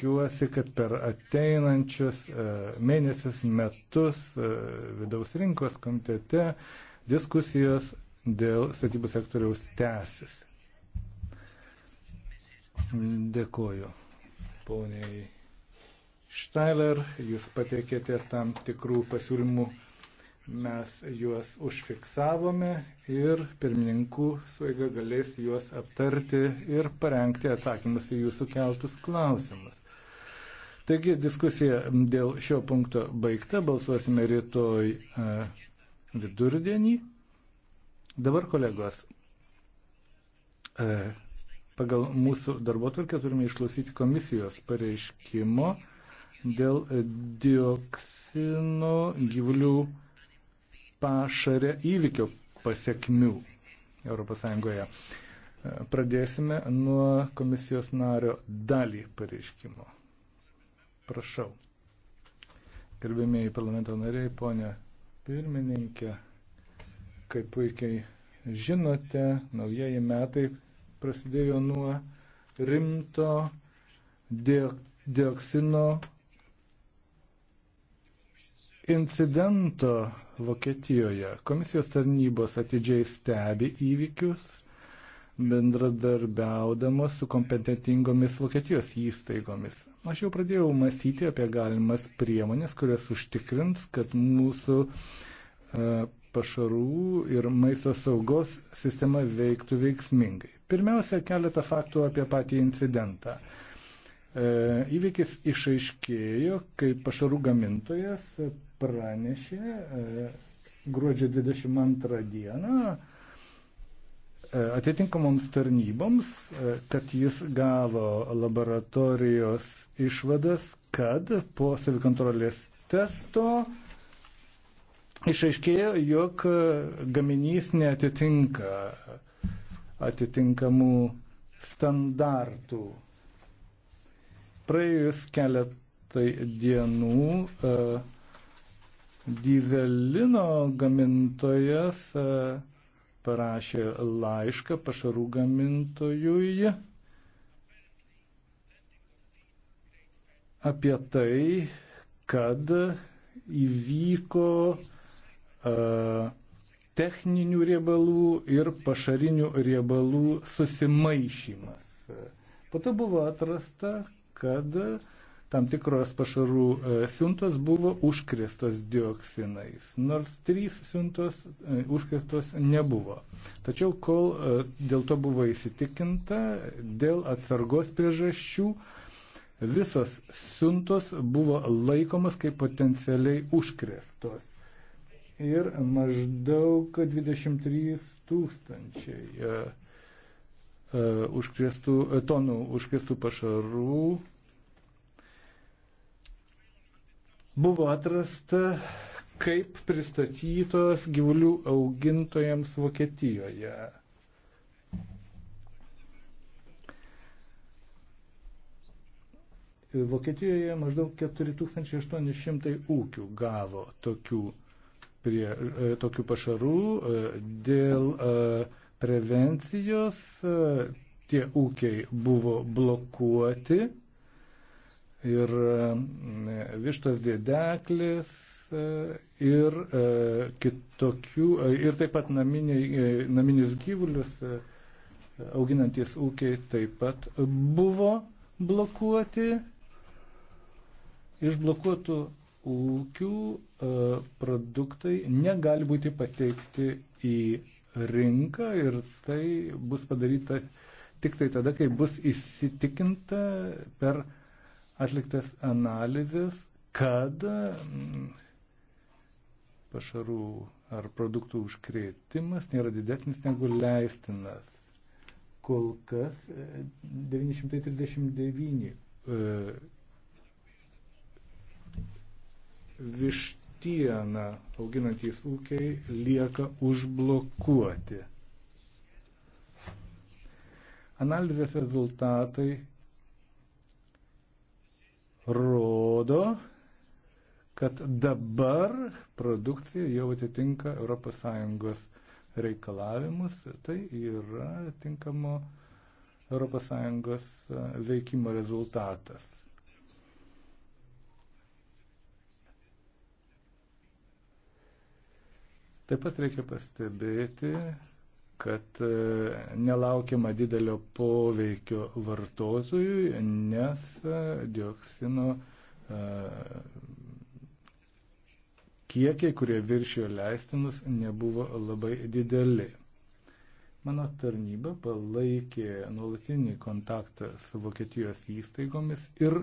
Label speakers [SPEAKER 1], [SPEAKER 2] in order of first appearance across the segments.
[SPEAKER 1] tikiuosi, kad per ateinančius e, mėnesius, metus e, vidaus rinkos komitete diskusijos dėl statybų sektoriaus tęsis. Dėkoju, poniai Štailer, jūs patiekėte tam tikrų pasiūlymų, mes juos užfiksavome ir pirmininkų suiga galės juos aptarti ir parengti atsakymus į jūsų keltus klausimus. Taigi diskusija dėl šio punkto baigta, balsuosime rytoj e, vidurdienį. Dabar kolegos, e, pagal mūsų darbotvarkę turime išklausyti komisijos pareiškimo dėl dioksino gyvulių pašarė įvykio pasiekmių ES. E, pradėsime nuo komisijos nario dalį pareiškimo. Prašau. Gerbėmėjai parlamento nariai, ponė pirmininkė, kaip puikiai žinote, naujieji metai prasidėjo nuo rimto dioksino incidento Vokietijoje. Komisijos tarnybos atidžiai stebi įvykius bendradarbiaudamas su kompetentingomis Vokietijos įstaigomis. Aš jau pradėjau mąstyti apie galimas priemonės, kurias užtikrins, kad mūsų e, pašarų ir maisto saugos sistema veiktų veiksmingai. Pirmiausia, keletą faktų apie patį incidentą. E, įvykis išaiškėjo, kai pašarų gamintojas pranešė e, gruodžio 22 dieną E, atitinkamoms tarnyboms, e, kad jis gavo laboratorijos išvadas, kad po savikontrolės testo išaiškėjo, jog gaminys neatitinka atitinkamų standartų. Praėjus keletai dienų uh, e, dizelino gamintojas uh, parašė laišką pašarų gamintojui apie tai, kad įvyko uh, techninių riebalų ir pašarinių riebalų susimaišymas. Po to buvo atrasta, kad uh, tam tikros pašarų e, siuntos buvo užkristos dioksinais, nors trys siuntos e, užkristos nebuvo. Tačiau kol e, dėl to buvo įsitikinta, dėl atsargos priežasčių visos siuntos buvo laikomas kaip potencialiai užkristos. Ir maždaug 23 tūkstančiai uh, uh, užkristų, tonų užkristų pašarų buvo atrasta, kaip pristatytos gyvulių augintojams Vokietijoje. Vokietijoje maždaug 4800 ūkių gavo tokių, prie, e, tokių pašarų e, dėl e, prevencijos. Tie ūkiai buvo blokuoti ir e, vištos dėdeklis e, ir e, kitokių, ir taip pat naminiai, naminis gyvulius auginantis ūkiai taip pat buvo blokuoti. Iš blokuotų ūkių produktai negali būti pateikti į rinką ir tai bus padaryta tik tai tada, kai bus įsitikinta per atliktas analizės, kad mm, pašarų ar produktų užkrėtimas nėra didesnis negu leistinas. Kol kas 939 e, e, vištieną auginantys ūkiai lieka užblokuoti. Analizės rezultatai rodo, kad dabar produkcija jau atitinka ES reikalavimus, tai yra tinkamo ES e, veikimo rezultatas. Taip pat reikia pastebėti, kad e, nelaukiama didelio poveikio vartotojui, nes e, dioksino e, kiekiai, kurie viršijo leistinus, nebuvo labai dideli. Mano tarnyba palaikė nuolatinį kontaktą su Vokietijos įstaigomis ir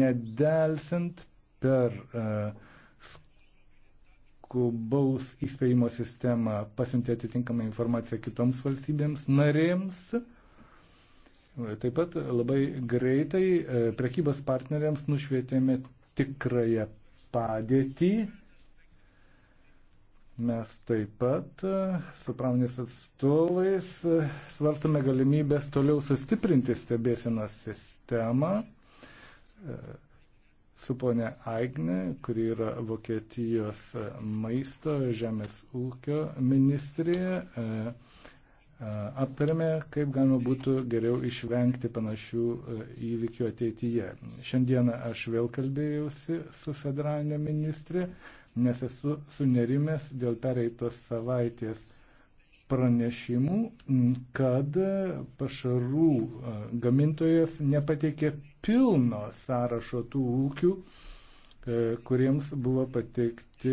[SPEAKER 1] nedelsint per uh, skubaus įspėjimo sistemą pasiuntė atitinkamą informaciją kitoms valstybėms narėms. Taip pat labai greitai e, prekybos partneriams nušvietėme tikrąją padėtį. Mes taip pat e, su pramonės atstovais e, svarstame galimybės toliau sustiprinti stebėsienos sistemą su ponė Aigne, kuri yra Vokietijos maisto žemės ūkio ministrė. E, e, aptarėme, kaip galima būtų geriau išvengti panašių e, įvykių ateityje. Šiandieną aš vėl kalbėjausi su federalinė ministrė, nes esu sunerimęs dėl pereitos savaitės pranešimų, kad pašarų gamintojas nepateikė pilno sąrašo tų ūkių, e, kuriems buvo pateikti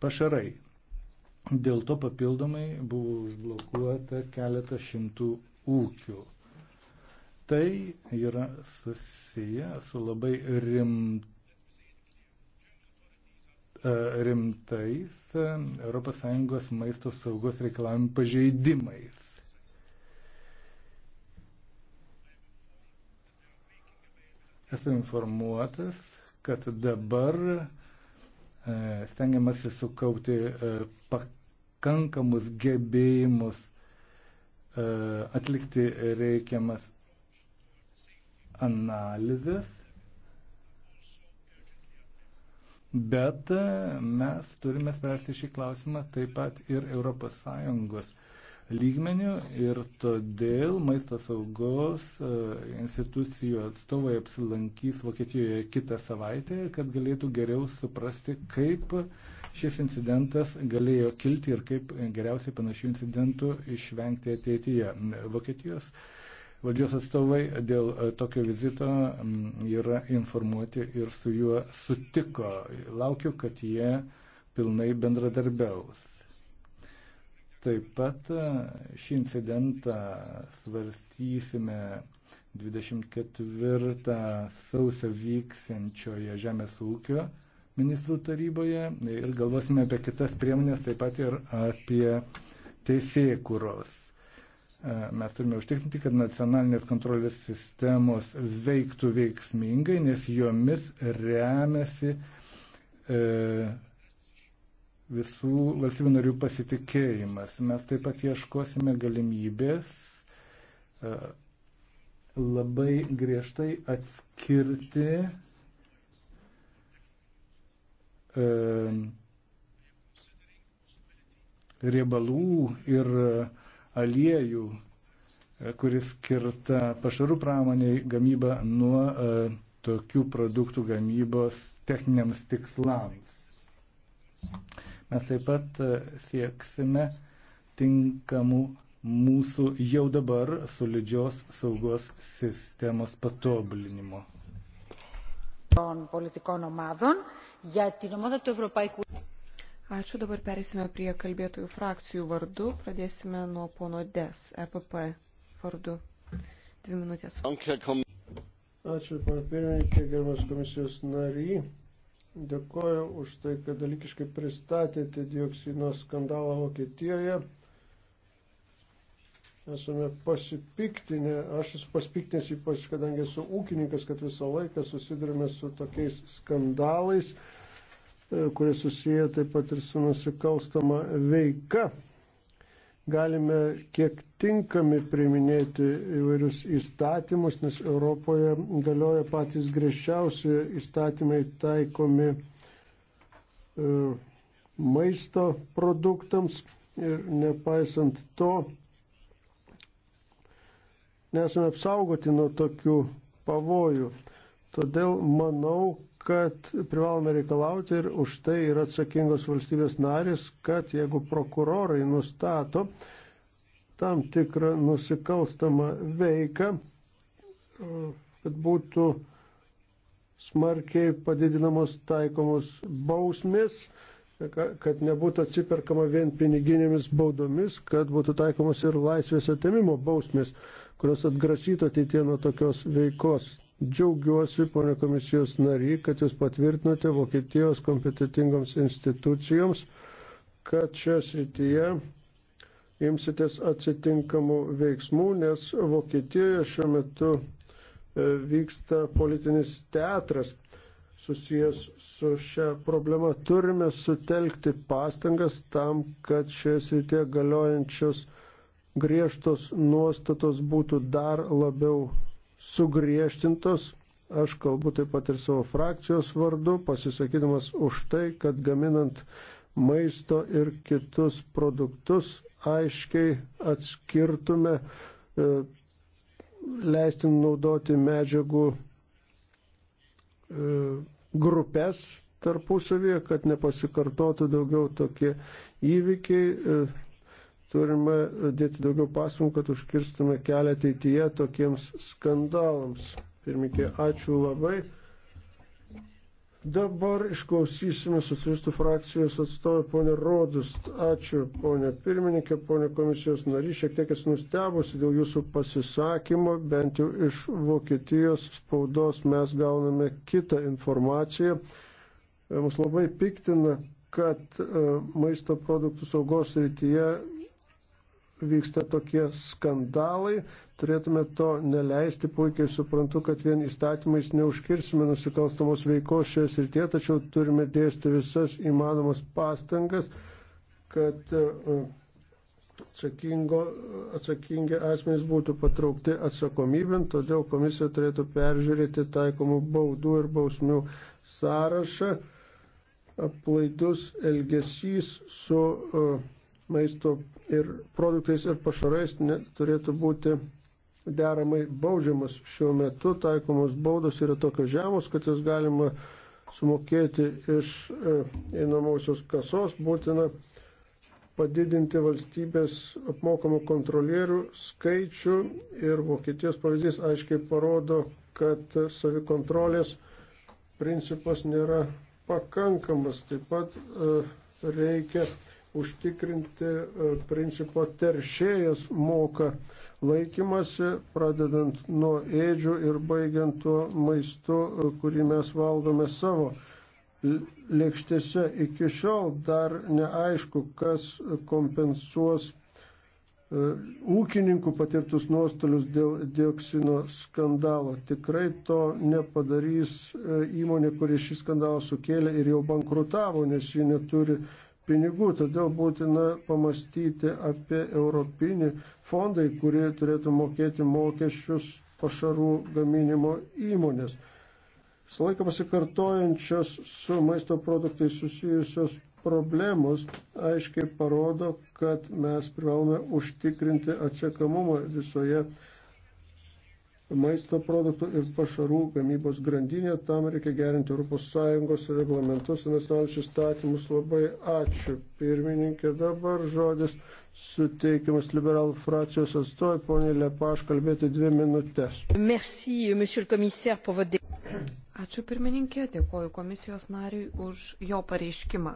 [SPEAKER 1] pašarai. Dėl to papildomai buvo užblokuota keletą šimtų ūkių. Tai yra susiję su labai rimtu e, rimtais ES maisto saugos reikalavimų pažeidimais. Esu informuotas, kad dabar e, stengiamasi sukaupti e, pakankamus gebėjimus e, atlikti reikiamas analizės, bet mes turime spręsti šį klausimą taip pat ir ES lygmenių ir todėl maisto saugos e, institucijų atstovai apsilankys Vokietijoje kitą savaitę, kad galėtų geriau suprasti, kaip šis incidentas galėjo kilti ir kaip geriausiai panašių incidentų išvengti ateityje. Vokietijos valdžios atstovai dėl e, tokio vizito yra informuoti ir su juo sutiko. Laukiu, kad jie pilnai bendradarbiaus. Taip pat e, šį incidentą svarstysime 24 sausio vyksiančioje Žemės ūkio ministrų taryboje ir galvosime apie kitas priemonės, taip pat ir apie teisėkuros. E, mes turime užtikrinti, kad nacionalinės kontrolės sistemos veiktų veiksmingai, nes jomis remiasi e, visų valstybių narių pasitikėjimas. Mes taip pat ieškosime galimybės e, labai griežtai atskirti e, riebalų ir aliejų, e, kuris skirta pašarų pramoniai gamyba nuo tokių produktų gamybos techniniams tikslams. Mes taip pat e, sieksime tinkamų mūsų jau dabar solidžios saugos sistemos patobulinimo.
[SPEAKER 2] Ačiū, dabar perėsime prie kalbėtojų frakcijų vardų. Pradėsime nuo pono Des, EPP vardu. Dvi minutės.
[SPEAKER 3] Ačiū, pana pirmininkė, gerbiamas komisijos nariai. Dėkoju už tai, kad dalykiškai pristatėte dioksino skandalą Vokietijoje. Esame pasipiktinę, aš esu pasipiktinęs ypač, kadangi esu ūkininkas, kad visą laiką susidurime su tokiais skandalais, e, kurie susiję taip pat ir su nusikalstama veika galime kiek tinkami priiminėti įvairius įstatymus, nes Europoje galioja patys griežčiausi įstatymai taikomi e, maisto produktams ir nepaisant to nesame apsaugoti nuo tokių pavojų. Todėl manau, kad privalome reikalauti ir už tai yra atsakingos valstybės narės, kad jeigu prokurorai nustato tam tikrą nusikalstamą veiką, kad būtų smarkiai padidinamos taikomos bausmės, kad nebūtų atsiperkama vien piniginėmis baudomis, kad būtų taikomos ir laisvės atėmimo bausmės, kurios atgrasytų ateitie nuo tokios veikos. Džiaugiuosi, ponė komisijos nary, kad jūs patvirtinote Vokietijos kompetitingoms institucijoms, kad šioje srityje imsitės atsitinkamų veiksmų, nes Vokietijoje šiuo metu e, vyksta politinis teatras susijęs su šią problemą. Turime sutelkti pastangas tam, kad šioje srityje galiojančios griežtos nuostatos būtų dar labiau sugriežtintos. Aš kalbu taip pat ir savo frakcijos vardu, pasisakydamas už tai, kad gaminant maisto ir kitus produktus aiškiai atskirtume e, leistin naudoti medžiagų e, grupės tarpusavyje, kad nepasikartotų daugiau tokie įvykiai. E, Turime dėti daugiau pasmų, kad užkirstume kelią ateityje tokiems skandalams. Pirmikė, ačiū labai. Dabar išklausysime socialistų frakcijos atstovę ponę Rodus. Ačiū ponė pirmininkė, ponė komisijos narys. Šiek tiek esu nustebusi dėl jūsų pasisakymo, bent jau iš Vokietijos spaudos mes gauname kitą informaciją. Mus labai piktina, kad e, maisto produktų saugos rytyje vyksta tokie skandalai, turėtume to neleisti, puikiai suprantu, kad vien įstatymais neužkirsime nusikalstamos veikos šioje srityje, tačiau turime dėsti visas įmanomas pastangas, kad e, atsakingo, atsakingi asmenys būtų patraukti atsakomybėm, todėl komisija turėtų peržiūrėti taikomų baudų ir bausmių sąrašą. Aplaidus elgesys su uh, maisto ir produktais ir pašarais turėtų būti deramai baudžiamas. Šiuo metu taikomos baudos yra tokios žemos, kad jas galima sumokėti iš e, einamosios kasos būtina padidinti valstybės apmokamų kontrolierių skaičių ir Vokietijos pavyzdys aiškiai parodo, kad savikontrolės principas nėra pakankamas. Taip pat e, reikia užtikrinti e, principo teršėjas moka laikymasi, pradedant nuo ėdžių ir baigiant tuo maistu, e, kurį mes valgome savo lėkštėse. Iki šiol dar neaišku, kas kompensuos e, ūkininkų patirtus nuostolius dėl dioksino skandalo. Tikrai to nepadarys įmonė, kuri šį skandalą sukėlė ir jau bankrutavo, nes ji neturi pinigų, todėl būtina pamastyti apie europinį fondai, kurie turėtų mokėti mokesčius pašarų gaminimo įmonės. Visą laiką pasikartojančios su maisto produktais susijusios problemos aiškiai parodo, kad mes privalome užtikrinti atsiekamumą visoje maisto produktų ir pašarų gamybos grandinė. Tam reikia gerinti ES reglamentus ir nacionalinius įstatymus. Labai ačiū, pirmininkė. Dabar žodis suteikiamas liberalų frakcijos atstovai, ponė Lepaš, kalbėti dvi minutės.
[SPEAKER 2] Merci, monsieur le commissaire, pour votre... Ačiū pirmininkė, dėkoju komisijos nariui už jo pareiškimą.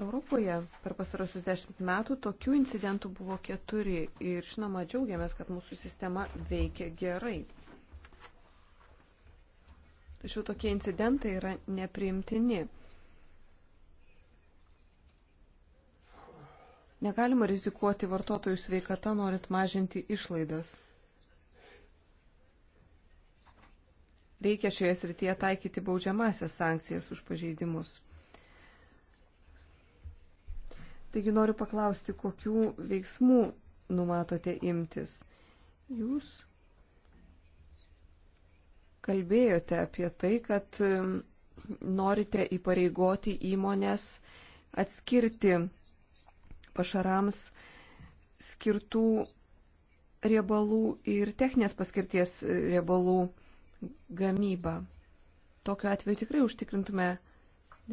[SPEAKER 2] Europoje per pastarosius dešimt metų tokių incidentų buvo keturi ir žinoma džiaugiamės, kad mūsų sistema veikia gerai. Tačiau tokie incidentai yra nepriimtini. Negalima rizikuoti vartotojų sveikata, norint mažinti išlaidas. Reikia šioje srityje taikyti baudžiamasias sankcijas už pažeidimus. Taigi noriu paklausti, kokių veiksmų numatote imtis. Jūs kalbėjote apie tai, kad um, norite įpareigoti įmonės atskirti pašarams skirtų riebalų ir techninės paskirties e, riebalų gamybą. Tokiu atveju tikrai užtikrintume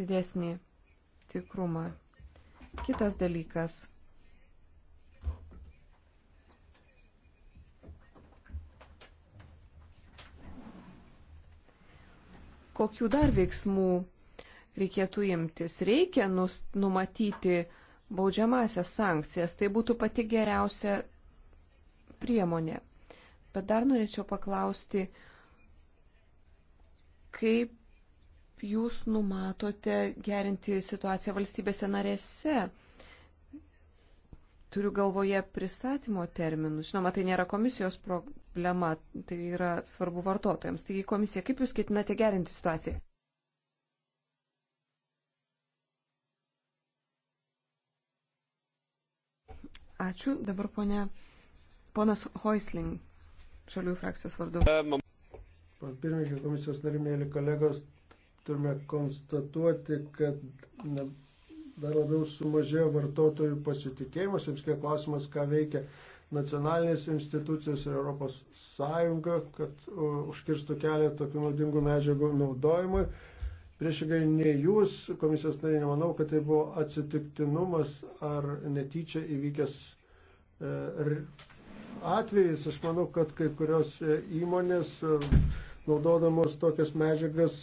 [SPEAKER 2] didesnį tikrumą. Kitas dalykas. Kokių dar veiksmų reikėtų imtis? Reikia nus, numatyti baudžiamasias sankcijas. Tai būtų pati geriausia priemonė. Bet dar norėčiau paklausti, kaip jūs numatote gerinti situaciją valstybėse narėse? Turiu galvoje pristatymo terminus. Žinoma, tai nėra komisijos problema, tai yra svarbu vartotojams. Taigi, komisija, kaip jūs ketinate gerinti situaciją? Ačiū. Dabar ponė, ponas Hoisling, šalių frakcijos vardu.
[SPEAKER 3] Pirmininkai komisijos narimėlį kolegos, turime konstatuoti, kad ne, dar labiau sumažėjo vartotojų pasitikėjimas, jums kiek klausimas, ką veikia nacionalinės institucijos ir Europos Sąjunga, kad užkirstų kelią tokių naudingų medžiagų naudojimui. Priešingai nei jūs, komisijos nariai, nemanau, kad tai buvo atsitiktinumas ar netyčia įvykęs e, atvejis. Aš manau, kad kai kurios e, įmonės e, naudodamos tokias medžiagas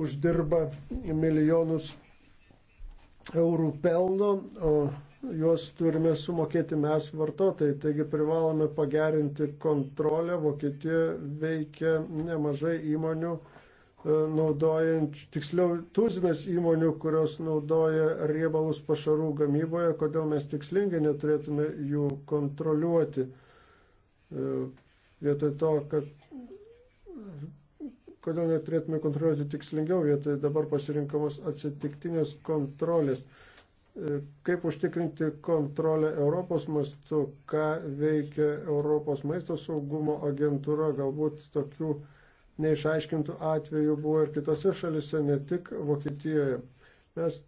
[SPEAKER 3] uždirba milijonus eurų pelno, o juos turime sumokėti mes vartotojai. Taigi privalome pagerinti kontrolę. Vokietijoje veikia nemažai įmonių e, naudojant, tiksliau, tuzinas įmonių, kurios naudoja riebalus pašarų gamyboje, kodėl mes tikslingai neturėtume jų kontroliuoti. E, vietoj to, kad kodėl neturėtume kontroliuoti tikslingiau vietoj dabar pasirinkamos atsitiktinės kontrolės. E, kaip užtikrinti kontrolę Europos mastu, ką veikia Europos maisto saugumo agentūra, galbūt tokių neišaiškintų atvejų buvo ir kitose šalise, ne tik Vokietijoje. Mes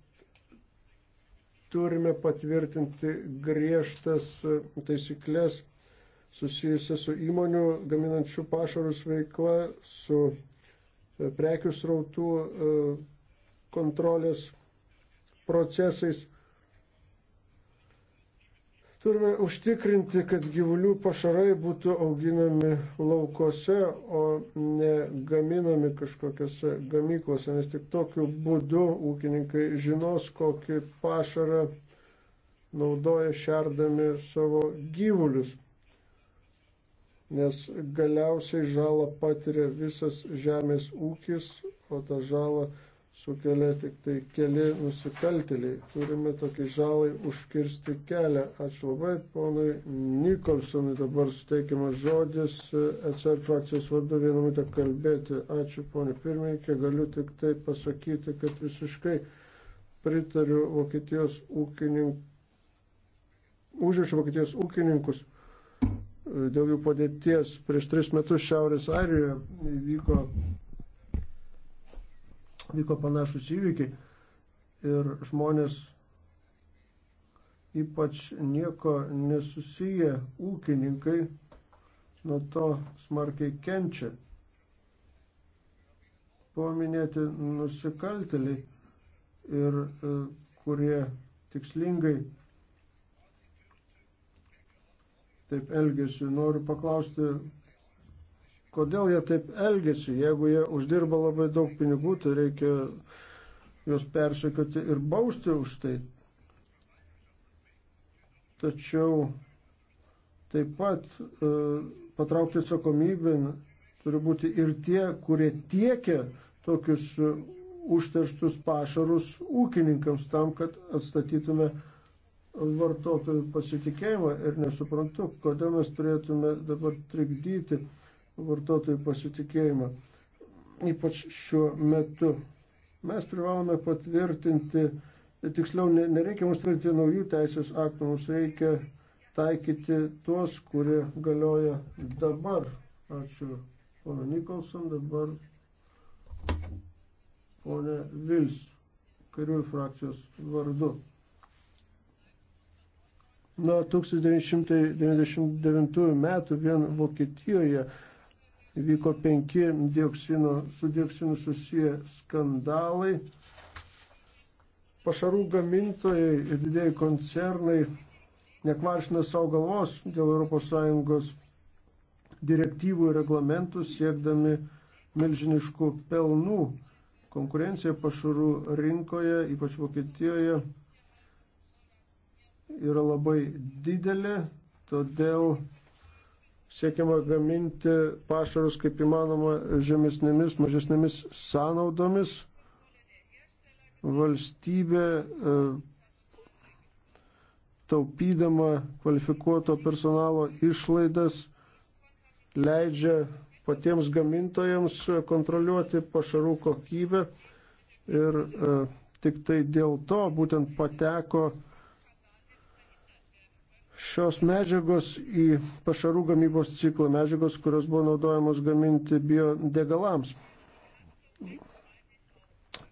[SPEAKER 3] turime patvirtinti griežtas taisyklės susijusias su įmonių gaminančių pašarus veikla, su E, prekių srautų e, kontrolės procesais. Turime užtikrinti, kad gyvulių pašarai būtų auginami laukose, o ne gaminami kažkokiose gamyklose, nes tik tokiu būdu ūkininkai žinos, kokį pašarą naudoja šerdami savo gyvulius nes galiausiai žalą patiria visas žemės ūkis, o tą žalą sukelia tik tai keli nusikaltėliai. Turime tokiai žalai užkirsti kelią. Ačiū labai, ponai Nikolsonui dabar suteikiamas žodis SR e, frakcijos vardu vieną minutę kalbėti. Ačiū, ponė pirmininkė, galiu tik tai pasakyti, kad visiškai pritariu Vokietijos ūkininkų. Užrašau Vokietijos ūkininkus dėl jų padėties. Prieš tris metus Šiaurės Airijoje vyko, vyko panašus įvykiai ir žmonės ypač nieko nesusiję ūkininkai nuo to smarkiai kenčia. Paminėti nusikalteliai ir e, kurie tikslingai taip elgesi. Noriu paklausti, kodėl jie taip elgesi. Jeigu jie uždirba labai daug pinigų, tai reikia juos persekioti ir bausti už tai. Tačiau taip pat e, patraukti atsakomybę turi būti ir tie, kurie tiekia tokius užterštus pašarus ūkininkams tam, kad atstatytume vartotojų pasitikėjimą ir nesuprantu, kodėl mes turėtume dabar trikdyti vartotojų pasitikėjimą, ypač šiuo metu. Mes privalome patvirtinti, tiksliau, nereikia mums tvirtinti naujų teisės aktų, mums reikia taikyti tuos, kurie galioja dabar. Ačiū, pana Nikolson, dabar pana Vils, kariųjų frakcijos vardu. Nuo 1999 metų vien Vokietijoje vyko penki dioksino, su dioksinu susiję skandalai. Pašarų gamintojai ir didėjai koncernai nekvaršina savo galvos dėl ES direktyvų ir reglamentų siekdami milžiniškų pelnų. Konkurencija pašarų rinkoje, ypač Vokietijoje, yra labai didelė, todėl siekiama gaminti pašarus kaip įmanoma žemesnėmis, mažesnėmis sąnaudomis. Valstybė e, taupydama kvalifikuoto personalo išlaidas leidžia patiems gamintojams kontroliuoti pašarų kokybę ir e, tik tai dėl to būtent pateko šios medžiagos į pašarų gamybos ciklą, medžiagos, kurios buvo naudojamos gaminti biodegalams.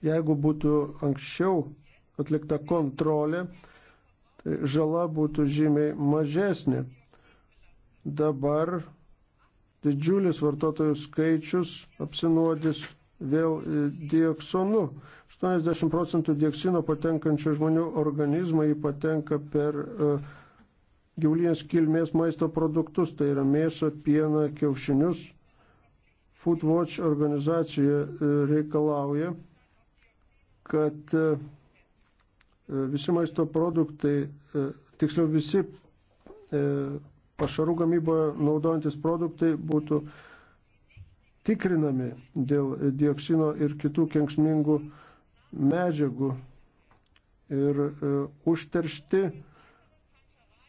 [SPEAKER 3] Jeigu būtų anksčiau atlikta kontrolė, tai žala būtų žymiai mažesnė. Dabar didžiulis vartotojų skaičius apsinuodys vėl dioksonu. 80 procentų dioksino patenkančių žmonių organizmą jį patenka per uh, gyvulinės kilmės maisto produktus, tai yra mėsą, pieną, kiaušinius. Foodwatch organizacija e, reikalauja, kad e, visi maisto produktai, e, tiksliau visi pašarų gamyboje naudojantis produktai būtų tikrinami dėl dioksino ir kitų kenksmingų medžiagų ir užteršti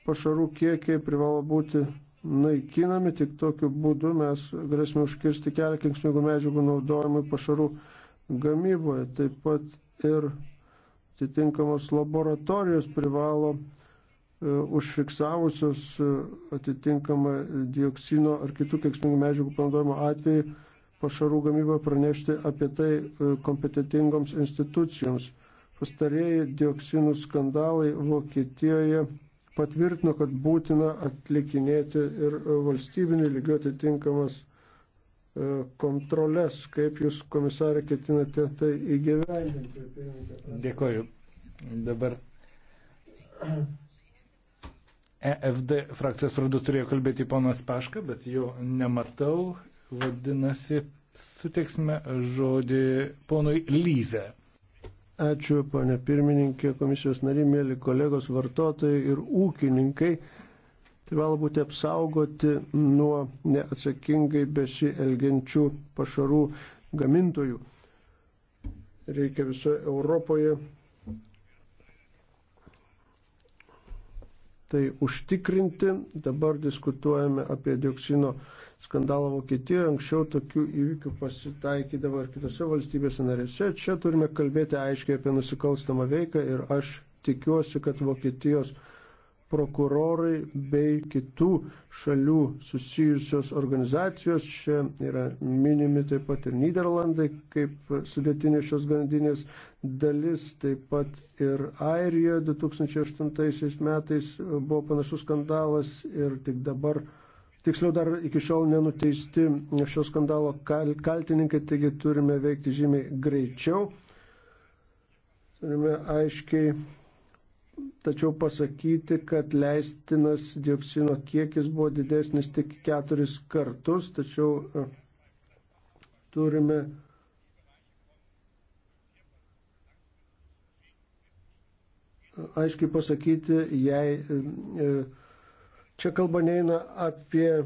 [SPEAKER 3] pašarų kiekiai privalo būti naikinami, tik tokiu būdu mes galėsime užkirsti kelią kenksmingų medžiagų naudojimui pašarų gamyboje. Taip pat ir atitinkamos laboratorijos privalo e, užfiksavusios e, atitinkamą dioksino ar kitų kenksmingų medžiagų panaudojimo atveju pašarų gamybą pranešti apie tai e, kompetitingoms institucijoms. Pastarėjai dioksinų skandalai Vokietijoje patvirtino, kad būtina atlikinėti ir e, valstybinį lygių atitinkamas e, kontrolės, kaip jūs, komisarė, ketinate tai įgyvendinti. Dėkoju.
[SPEAKER 1] Dabar EFD frakcijos vardu turėjo kalbėti ponas Paška, bet jo nematau. Vadinasi, suteiksime žodį ponui Lyze.
[SPEAKER 3] Ačiū, ponė pirmininkė, komisijos nariai, mėly kolegos vartotojai ir ūkininkai. Privalo būti apsaugoti nuo neatsakingai besielgiančių pašarų gamintojų. Reikia visoje Europoje tai užtikrinti. Dabar diskutuojame apie dioksino skandalą Vokietijoje, anksčiau tokių įvykių pasitaikydavo ir kitose valstybėse narėse. Čia turime kalbėti aiškiai apie nusikalstamą veiką ir aš tikiuosi, kad Vokietijos prokurorai bei kitų šalių susijusios organizacijos. Čia yra minimi taip pat ir Niderlandai kaip sudėtinė šios grandinės dalis, taip pat ir Airija 2008 metais buvo panašus skandalas ir tik dabar uh, tiksliau dar iki šiol nenuteisti šio skandalo kaltininkai, taigi turime veikti žymiai greičiau. Turime aiškiai tačiau pasakyti, kad leistinas dioksino kiekis buvo didesnis tik keturis kartus, tačiau e, turime aiškiai pasakyti, jei e, e, Čia kalba neina apie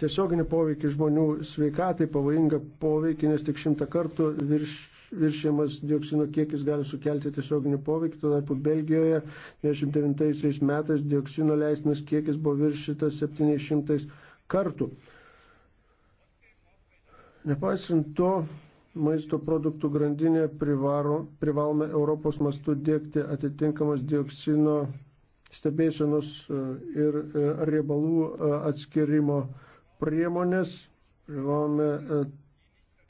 [SPEAKER 3] tiesioginį poveikį žmonių sveikatai, pavojingą poveikį, nes tik šimtą kartų virš, viršėmas dioksino kiekis gali sukelti tiesioginį poveikį. Tuo tarpu Belgijoje 29 metais dioksino leistinas kiekis buvo viršytas 700 kartų. Nepaisant to, maisto produktų grandinė privaro, privalome Europos mastu dėkti atitinkamas dioksino stebėsenos e, ir e, riebalų e, atskirimo priemonės. Privalome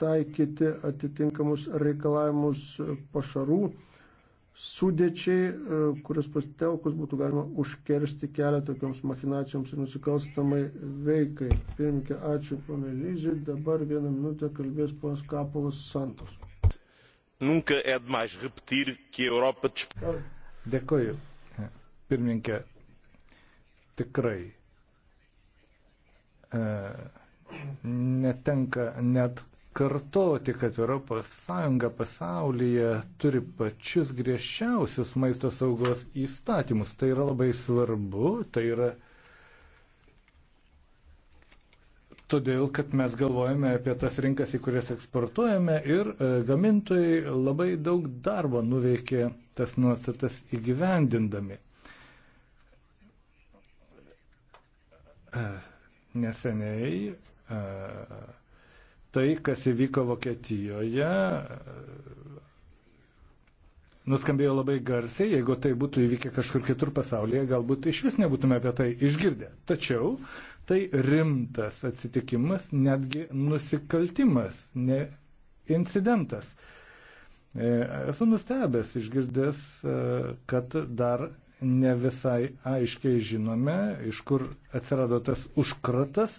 [SPEAKER 3] taikyti atitinkamus reikalavimus pašarų sudėčiai, kurias pasitelkus būtų galima užkersti kelią tokioms machinacijoms ir nusikalstamai veikai. Pirmininkė, ačiū ponai Lyžiai. Dabar vieną minutę kalbės ponas Kapolas Santos.
[SPEAKER 4] Nunca é demais repetir que a Europa.
[SPEAKER 3] Dėkoju.
[SPEAKER 1] Pirmininkė, tikrai e, netenka net kartoti, kad ES pasaulyje turi pačius griežčiausius maisto saugos įstatymus. Tai yra labai svarbu, tai yra todėl, kad mes galvojame apie tas rinkas, į kurias eksportuojame ir e, gamintojai labai daug darbo nuveikė tas nuostatas įgyvendindami. neseniai tai, kas įvyko Vokietijoje, nuskambėjo labai garsiai, jeigu tai būtų įvykę kažkur kitur pasaulyje, galbūt iš vis nebūtume apie tai išgirdę. Tačiau tai rimtas atsitikimas, netgi nusikaltimas, ne incidentas. E, esu nustebęs išgirdęs, e, kad dar ne visai aiškiai žinome, iš kur atsirado tas užkratas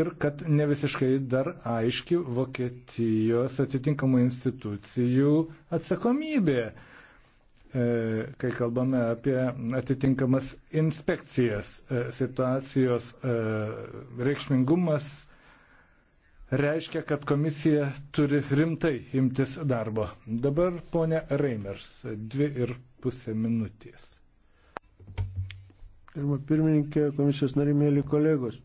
[SPEAKER 1] ir kad ne visiškai dar aiški Vokietijos atitinkamų institucijų atsakomybė, e, kai kalbame apie atitinkamas inspekcijas. E, situacijos e, reikšmingumas reiškia, kad komisija turi rimtai imtis darbo. Dabar ponia Reimers, dvi ir pusė minutės.
[SPEAKER 3] Pirma pirmininkė, komisijos nariai, mėly kolegos.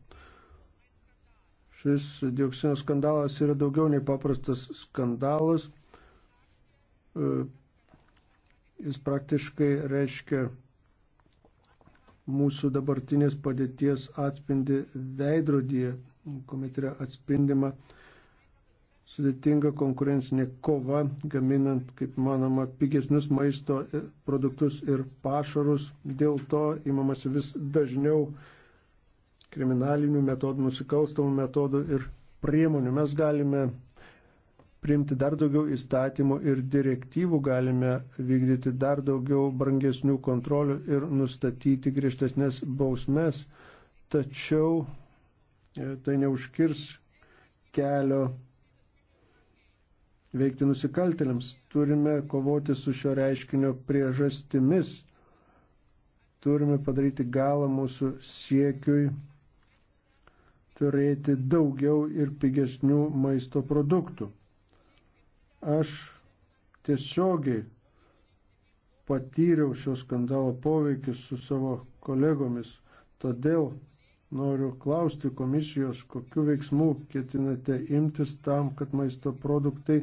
[SPEAKER 3] Šis dioksino skandalas yra daugiau nei paprastas skandalas. E, jis praktiškai reiškia mūsų dabartinės padėties atspindi veidrodyje, kuomet yra atspindima uh, sudėtinga konkurencinė kova, gaminant, kaip manoma, pigesnius maisto e, produktus ir pašarus. Dėl to imamasi vis dažniau kriminalinių metodų, nusikalstamų metodų ir priemonių. Mes galime priimti dar daugiau įstatymų ir direktyvų, galime vykdyti dar daugiau brangesnių kontrolių ir nustatyti griežtesnės bausmes, tačiau e, tai neužkirs kelio veikti nusikaltėliams. Turime kovoti su šio reiškinio priežastimis. Turime padaryti galą mūsų siekiui turėti daugiau ir pigesnių maisto produktų. Aš tiesiogiai patyriau šio skandalo poveikį su savo kolegomis, todėl noriu klausti komisijos, kokiu veiksmu ketinate imtis tam, kad maisto produktai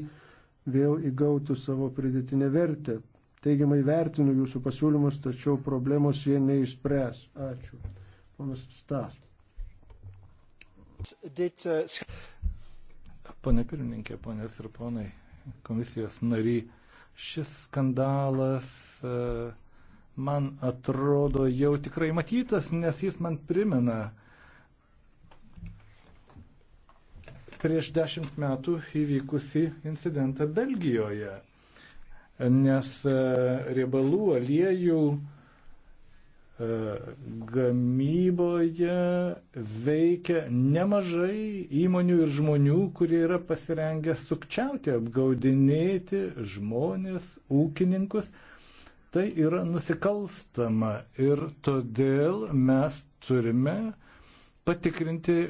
[SPEAKER 3] vėl įgautų savo pridėtinę vertę. Teigiamai vertinu jūsų pasiūlymus, tačiau problemos jie neįspręs. Ačiū. Ponas Stas. Uh,
[SPEAKER 1] Pane pirmininkė, ponės ir ponai, komisijos nariai, šis skandalas uh, man atrodo jau tikrai matytas, nes jis man primena prieš dešimt metų įvykusi incidentą Belgijoje, nes e, riebalų aliejų e, gamyboje veikia nemažai įmonių ir žmonių, kurie yra pasirengę sukčiauti, apgaudinėti žmonės, ūkininkus. Tai yra nusikalstama ir todėl mes turime patikrinti,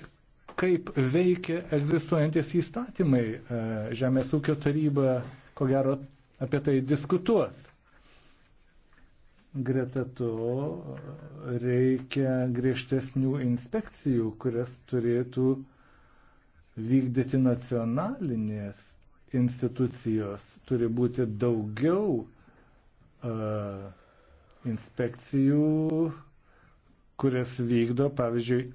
[SPEAKER 1] kaip veikia egzistuojantis įstatymai. E, Žemės ūkio taryba, ko gero, apie tai diskutuos. Greta to e, reikia griežtesnių inspekcijų, kurias turėtų vykdyti nacionalinės institucijos. Turi būti daugiau uh, inspekcijų, kurias vykdo, pavyzdžiui,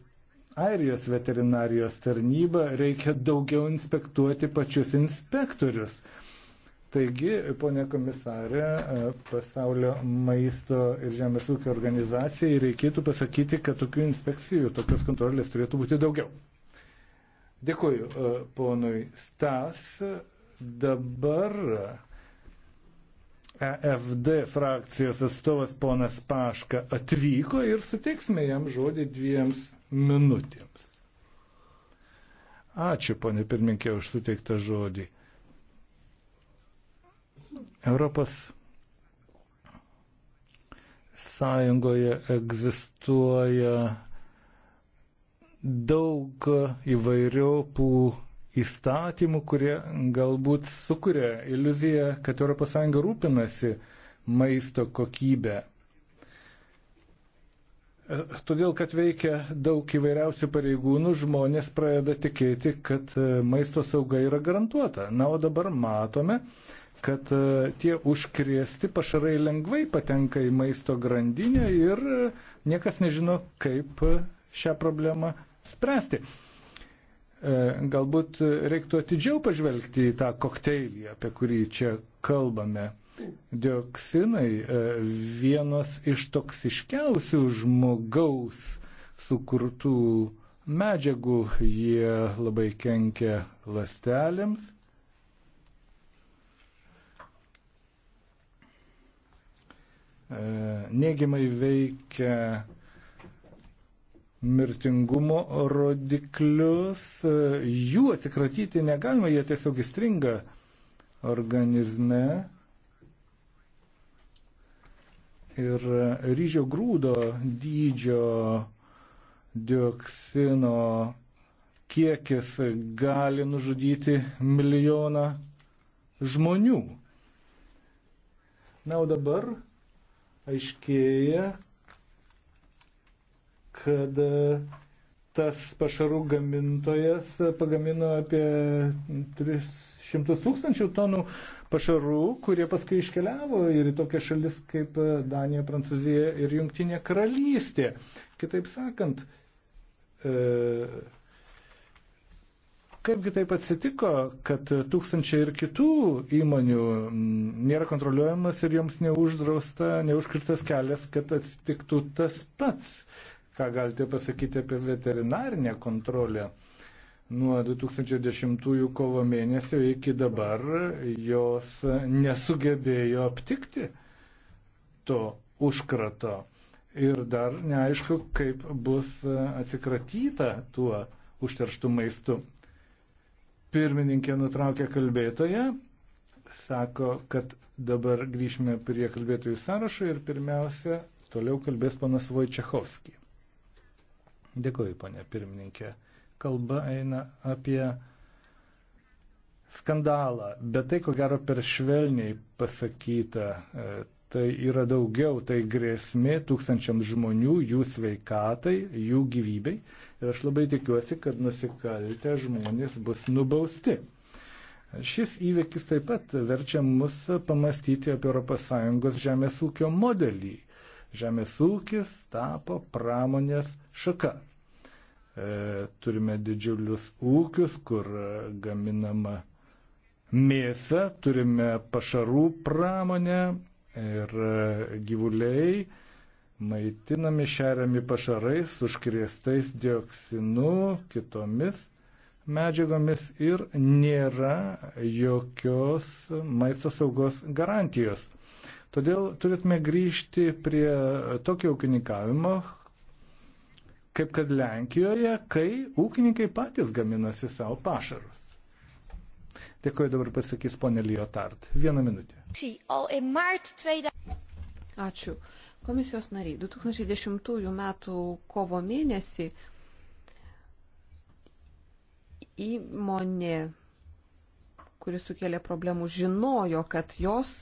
[SPEAKER 1] Airijos veterinarijos tarnybą, reikia daugiau inspektuoti pačius inspektorius. Taigi, ponė komisarė, pasaulio maisto ir žemės ūkio organizacijai reikėtų pasakyti, kad tokių inspekcijų, tokios kontrolės turėtų būti daugiau. Dėkuoju e, ponui Stas. Dabar EFD frakcijos atstovas ponas Paška atvyko ir suteiksime jam žodį dviems minutėms. Ačiū, ponė pirminkė, už suteiktą žodį. Europos Sąjungoje egzistuoja daug įvairiopų įstatymų, kurie galbūt sukuria iliuziją, kad ES rūpinasi maisto kokybę. E, todėl, kad veikia daug įvairiausių pareigūnų, žmonės pradeda tikėti, kad e, maisto sauga yra garantuota. Na, o dabar matome, kad e, tie užkrėsti pašarai lengvai patenka į maisto grandinę ir niekas nežino, kaip šią problemą spręsti. Galbūt reiktų atidžiau pažvelgti į tą kokteilį, apie kurį čia kalbame. Dioksinai e, vienas iš toksiškiausių žmogaus sukurtų medžiagų, jie labai kenkia lastelėms. E, neigiamai veikia mirtingumo rodiklius, e, jų atsikratyti negalima, jie tiesiog įstringa organizme ir ryžio grūdo dydžio dioksino kiekis gali nužudyti milijoną žmonių. Na, o dabar aiškėja, kad tas pašarų gamintojas pagamino apie 300 tūkstančių tonų pašarų, kurie paskui iškeliavo ir į tokias šalis kaip e, Danija, Prancūzija ir Junktinė karalystė. Kitaip sakant, e, kaipgi taip atsitiko, kad tūkstančiai ir kitų įmonių nėra kontroliuojamas ir joms neuždrausta, neužkirtas kelias, kad atsitiktų tas pats. Ką galite pasakyti apie veterinarinę kontrolę? Nuo 2010 kovo mėnesio iki dabar jos nesugebėjo aptikti to užkrato. Ir dar neaišku, kaip bus atsikratyta tuo užterštų maistu. Pirmininkė nutraukė kalbėtoje, sako, kad dabar grįžime prie kalbėtojų sąrašo ir pirmiausia, toliau kalbės panas Vojčiachovski. Dėkuoju, ponė pirmininkė kalba eina apie skandalą, bet tai ko gero per švelniai pasakyta. E, tai yra daugiau, tai grėsmė tūkstančiam žmonių, jų sveikatai, jų gyvybei. Ir aš labai tikiuosi, kad nusikaltę žmonės bus nubausti. Šis įvykis taip pat verčia mus pamastyti apie ES žemės ūkio modelį. Žemės ūkis tapo pramonės šaka. E, turime didžiulius ūkius, kur gaminama mėsa, turime pašarų pramonę ir e, gyvuliai maitinami šeriami pašarais, užkrėstais dioksinu, kitomis medžiagomis ir nėra jokios maisto saugos garantijos. Todėl turėtume grįžti prie tokio ūkininkavimo, kaip kad Lenkijoje, kai ūkininkai patys gaminasi savo pašarus. Dėkuoju dabar pasakys ponė Liotard. Vieną minutę.
[SPEAKER 2] Ačiū. Komisijos nariai, 2010 m. kovo mėnesį įmonė, kuris sukėlė problemų, žinojo, kad jos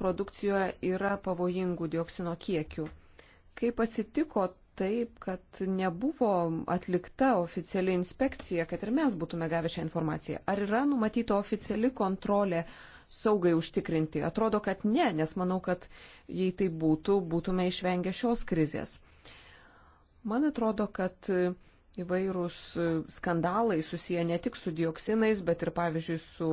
[SPEAKER 2] produkcijoje yra pavojingų dioksino kiekių. Kaip atsitiko taip, kad nebuvo atlikta oficiali inspekcija, kad ir mes būtume gavę šią informaciją? Ar yra numatyta oficiali kontrolė saugai užtikrinti? Atrodo, kad ne, nes manau, kad jei tai būtų, būtume išvengę šios krizės. Man atrodo, kad įvairūs skandalai susiję ne tik su dioksinais, bet ir pavyzdžiui su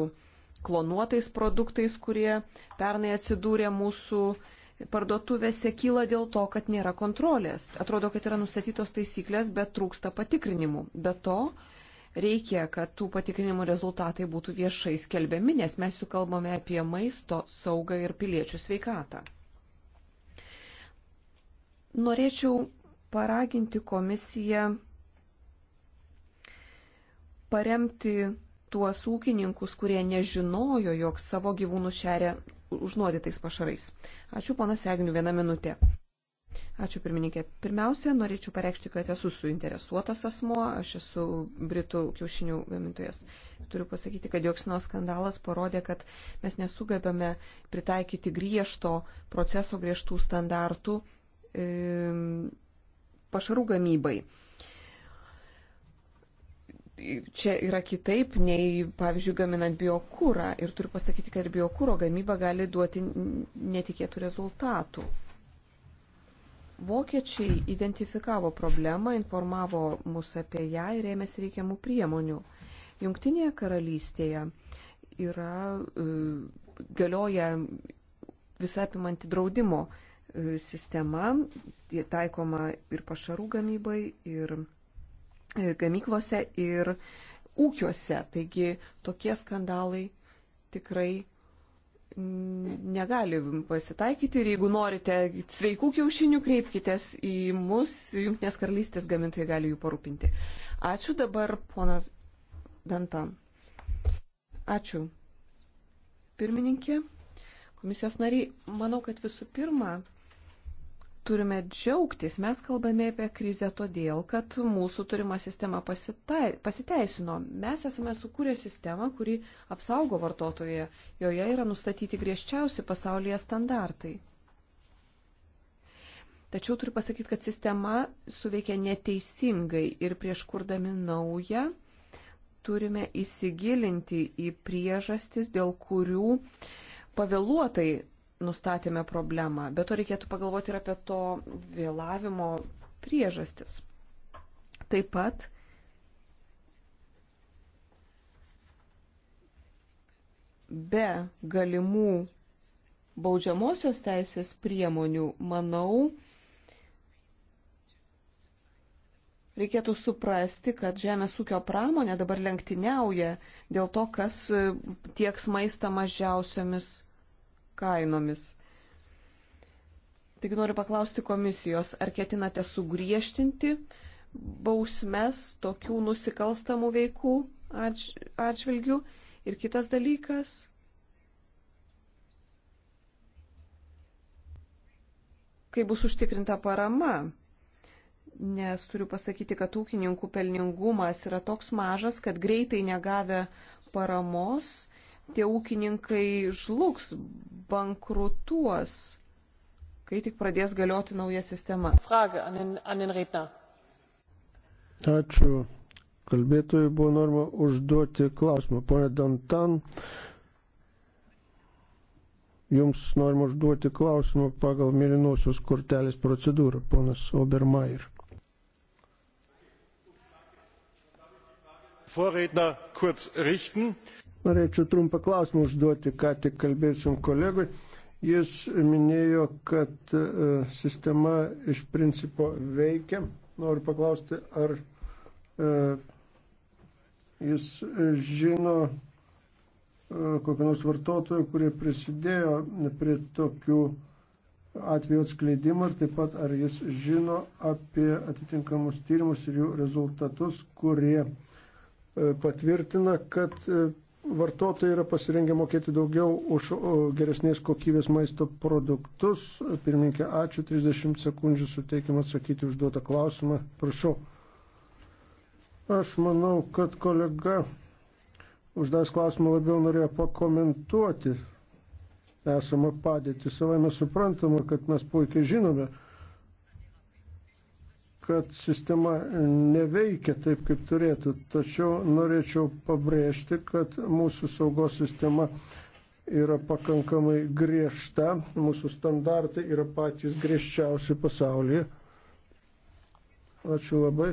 [SPEAKER 2] klonuotais produktais, kurie pernai atsidūrė mūsų uh, parduotuvėse kyla dėl to, kad nėra kontrolės. Atrodo, kad yra nustatytos taisyklės, bet trūksta patikrinimų. Be to, reikia, kad tų patikrinimų rezultatai būtų viešai skelbiami, nes mes jau kalbame apie maisto saugą ir piliečių sveikatą. Norėčiau paraginti komisiją paremti tuos ūkininkus, kurie nežinojo, jog savo gyvūnų šeria užnuodytais pašarais. Ačiū, ponas Egniu, vieną minutę. Ačiū, pirmininkė. Pirmiausia, norėčiau pareikšti, kad esu suinteresuotas asmo, aš esu Britų kiaušinių gamintojas. Turiu pasakyti, kad joksino skandalas parodė, kad mes nesugebame pritaikyti griežto proceso griežtų standartų e, pašarų gamybai. E, čia yra kitaip nei, pavyzdžiui, gaminant biokūrą. Ir turiu pasakyti, kad biokūro gamyba gali duoti netikėtų rezultatų. Vokiečiai identifikavo problemą, informavo mus apie ją ir ėmėsi reikiamų priemonių. Jungtinėje karalystėje yra e, galioja visapimanti draudimo e, sistema, taikoma ir pašarų gamybai, ir E, gamyklose ir ūkiuose. Taigi tokie skandalai tikrai negali pasitaikyti ir jeigu norite sveikų kiaušinių, kreipkitės į mus, Junktinės karalystės gamintojai gali jų parūpinti. Ačiū dabar, ponas Dantan. Ačiū. Pirmininkė, komisijos nariai, manau, kad visų pirma, turime džiaugtis. Mes kalbame apie krizę todėl, kad mūsų turima sistema pasiteisino. Mes esame sukūrę sistemą, kuri apsaugo vartotoje. Joje yra nustatyti griežčiausi pasaulyje standartai. Tačiau turiu pasakyti, kad sistema suveikia neteisingai ir prieš kurdami naują turime įsigilinti į priežastis, dėl kurių pavėluotai nustatėme problemą. Bet to reikėtų pagalvoti ir apie to vėlavimo priežastis. Taip pat be galimų baudžiamosios teisės priemonių, manau, reikėtų suprasti, kad žemės ūkio pramonė dabar lenktyniauja dėl to, kas tieks maistą mažiausiomis kainomis. Taigi noriu paklausti komisijos, ar ketinate sugriežtinti bausmes tokių nusikalstamų veikų atž atžvilgių? Ir kitas dalykas. Kaip bus užtikrinta parama? Nes turiu pasakyti, kad ūkininkų pelningumas yra toks mažas, kad greitai negavę paramos tie ūkininkai žlugs, bankrutuos, kai tik pradės galioti nauja sistema.
[SPEAKER 3] Ačiū. Kalbėtojai buvo norma užduoti klausimą. Pone Dantan, jums norima užduoti klausimą pagal mėlynosios kortelės procedūrą, ponas Obermeier.
[SPEAKER 4] Vorredner kurz
[SPEAKER 3] richten. Norėčiau trumpą klausimą užduoti, ką tik kalbėjusiam kolegui. Jis minėjo, kad e, sistema iš principo veikia. Noriu paklausti, ar e, jis žino e, kokių nors vartotojų, kurie prisidėjo prie tokių atveju atskleidimą ir taip pat ar jis žino apie atitinkamus tyrimus ir jų rezultatus, kurie patvirtina, kad vartotojai yra pasirengę mokėti daugiau už geresnės kokybės maisto produktus. Pirminkė, ačiū. 30 sekundžių suteikiam atsakyti užduotą klausimą. Prašau. Aš manau, kad kolega uždavęs klausimą labiau norėjo pakomentuoti esamą padėtį. Savai mes suprantame, kad mes puikiai žinome, kad sistema neveikia taip, kaip turėtų. Tačiau norėčiau pabrėžti, kad mūsų saugos sistema yra pakankamai griežta, mūsų standartai yra patys griežčiausi pasaulyje. Ačiū labai.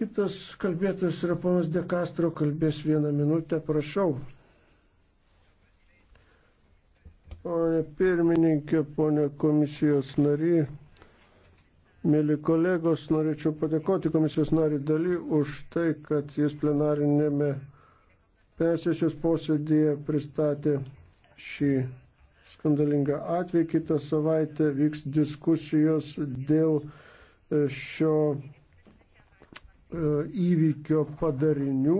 [SPEAKER 3] Kitas kalbėtojas yra ponas Dekastro, kalbės vieną minutę, prašau. Pone pirmininkė, pone komisijos nariai. Mėly kolegos, norėčiau padėkoti komisijos nariui daly už tai, kad jis plenarinėme persėsios posėdėje pristatė šį skandalingą atvejį. Kitą savaitę vyks diskusijos dėl e, šio e, įvykio padarinių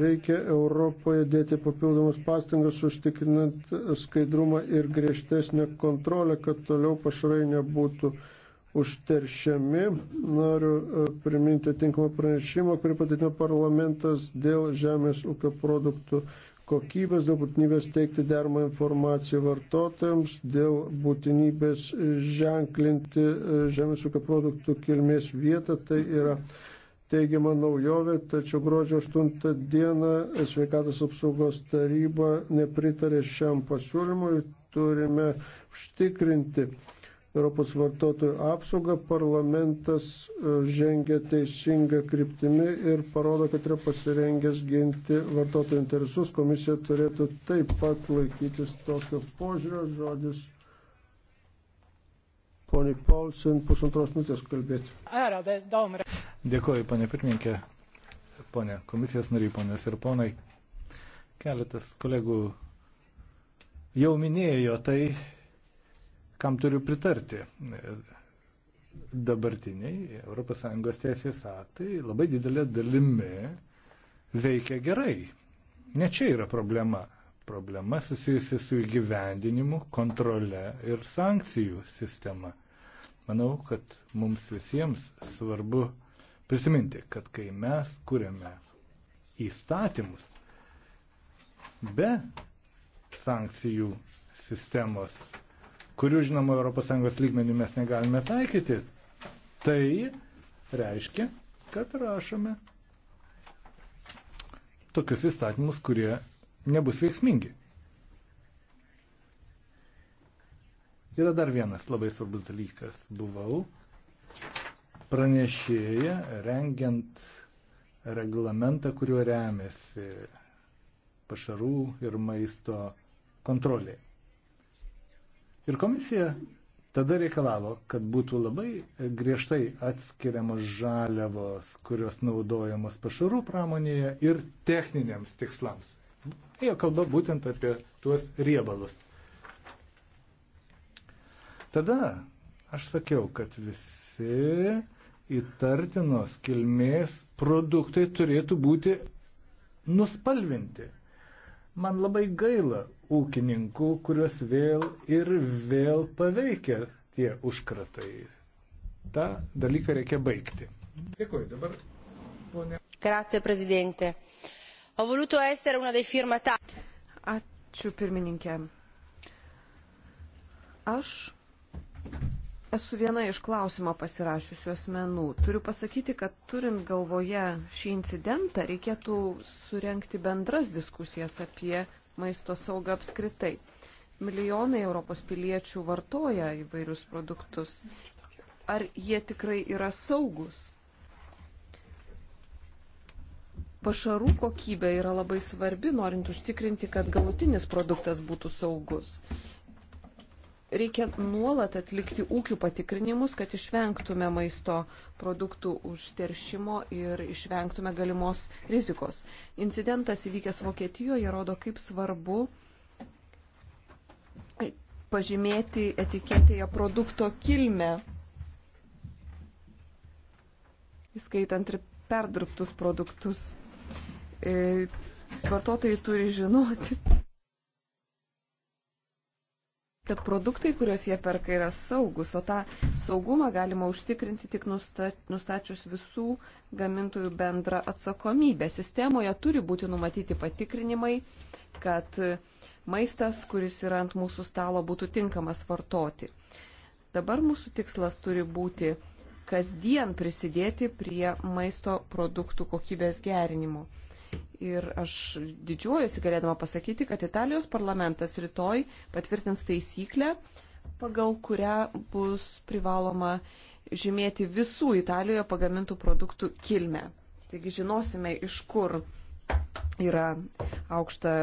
[SPEAKER 3] reikia Europoje dėti papildomus pastangas, užtikrinant skaidrumą ir griežtesnę kontrolę, kad toliau pašarai nebūtų užteršiami. Noriu e, priminti tinkamą pranešimą, kurį patvirtino parlamentas dėl žemės ūkio produktų kokybės, dėl būtinybės teikti dermą informaciją vartotojams, dėl būtinybės ženklinti e, žemės ūkio produktų kilmės vietą. Tai yra teigiama naujovė, tačiau gruodžio 8 dieną sveikatos apsaugos taryba nepritarė šiam pasiūlymui. Turime užtikrinti Europos vartotojų apsaugą, parlamentas e, žengia teisinga kryptimi ir parodo, kad yra pasirengęs ginti vartotojų interesus. Komisija turėtų taip pat laikytis tokio požiūrio žodis. Pone Paulsen,
[SPEAKER 1] pusantros minutės kalbėti. Dėkuoju, pane pirmininkė, pane komisijos nariai, ponės ir ponai. Keletas kolegų jau minėjo tai, kam turiu pritarti. Dabartiniai ES teisės aktai labai didelė dalimi veikia gerai. Ne čia yra problema. Problema susijusi su įgyvendinimu, kontrole ir sankcijų sistema. Manau, kad mums visiems svarbu prisiminti, kad kai mes kuriame įstatymus be sankcijų sistemos kurių žinoma ES lygmenį mes negalime taikyti, tai reiškia, kad rašome tokius įstatymus, kurie nebus veiksmingi. Yra dar vienas labai svarbus dalykas. Buvau pranešėję, rengiant reglamentą, kuriuo remiasi pašarų ir maisto kontrolė. Ir komisija tada reikalavo, kad būtų labai griežtai atskiriamos žaliavos, kurios naudojamos pašarų pramonėje ir techniniams tikslams. Ėjo tai kalba būtent apie tuos riebalus. Tada aš sakiau, kad visi įtartinos kilmės produktai turėtų būti nuspalvinti. Man labai gaila ūkininkų, kuriuos vėl ir vėl paveikia tie užkratai. Ta dalyką reikia baigti. Dėkui, dabar ponė.
[SPEAKER 5] Grazie, prezidente.
[SPEAKER 2] Ho voluto essere una dei firmatari. Ačiū, pirmininkė. Aš esu viena iš klausimą pasirašiusių asmenų. Turiu pasakyti, kad turint galvoje šį incidentą, reikėtų surenkti bendras diskusijas apie maisto saugą apskritai. Milijonai Europos piliečių vartoja įvairius produktus. Ar jie tikrai yra saugus? pašarų kokybė yra labai svarbi, norint užtikrinti, kad galutinis produktas būtų saugus reikia nuolat atlikti ūkių patikrinimus, kad išvengtume maisto produktų užteršimo ir išvengtume galimos rizikos. Incidentas įvykęs Vokietijoje rodo, kaip svarbu pažymėti etiketėje produkto kilmę, įskaitant ir perdirbtus produktus. E, vartotojai turi žinoti kad produktai, kuriuos jie perka, yra saugus, o tą saugumą galima užtikrinti tik nustačius visų gamintojų bendrą atsakomybę. Sistemoje turi būti numatyti patikrinimai, kad maistas, kuris yra ant mūsų stalo, būtų tinkamas vartoti. Dabar mūsų tikslas turi būti kasdien prisidėti prie maisto produktų kokybės gerinimo. Ir aš didžiuojuosi galėdama pasakyti, kad Italijos parlamentas rytoj patvirtins taisyklę, pagal kurią bus privaloma žymėti visų Italijoje pagamintų produktų kilmę. Taigi žinosime, iš kur yra aukšta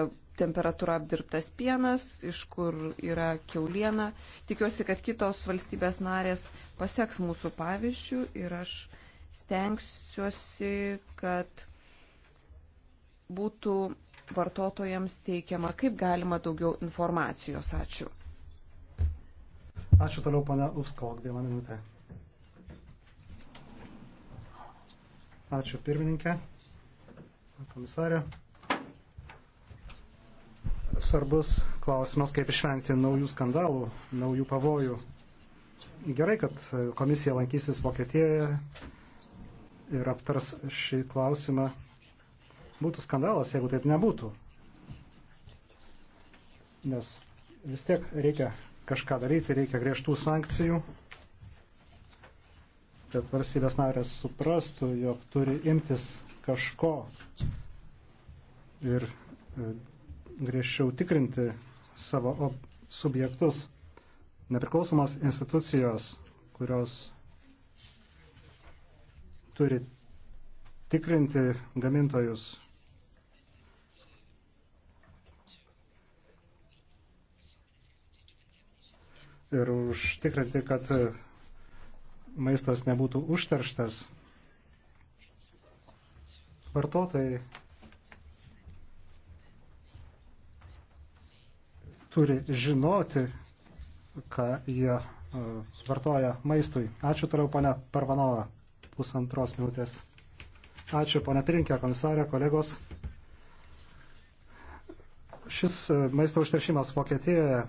[SPEAKER 2] temperatūra apdirbtas pienas, iš kur yra keuliena. Tikiuosi, kad kitos valstybės narės paseks mūsų pavyzdžių ir aš stengsiuosi, kad būtų vartotojams teikiama kaip galima daugiau informacijos. Ačiū.
[SPEAKER 4] Ačiū toliau, pana Upskalk, vieną minutę. Ačiū pirmininkė, komisarė. Svarbus klausimas, kaip išvengti naujų skandalų, naujų pavojų. Gerai, kad komisija lankysis Vokietijoje ir aptars šį klausimą Būtų skandalas, jeigu taip nebūtų. Nes vis tiek reikia kažką daryti, reikia griežtų sankcijų, kad valstybės narės suprastų, jog turi imtis kažko ir e, griežčiau tikrinti savo subjektus. Nepriklausomas institucijos, kurios turi tikrinti gamintojus ir užtikrinti, kad maistas nebūtų užterštas. Vartotojai turi žinoti, ką jie e, vartoja maistui. Ačiū toliau, ponia Parvanova, pusantros minutės. Ačiū, ponia Pirinkė, komisarė, kolegos. Šis e, maisto užteršimas Vokietijoje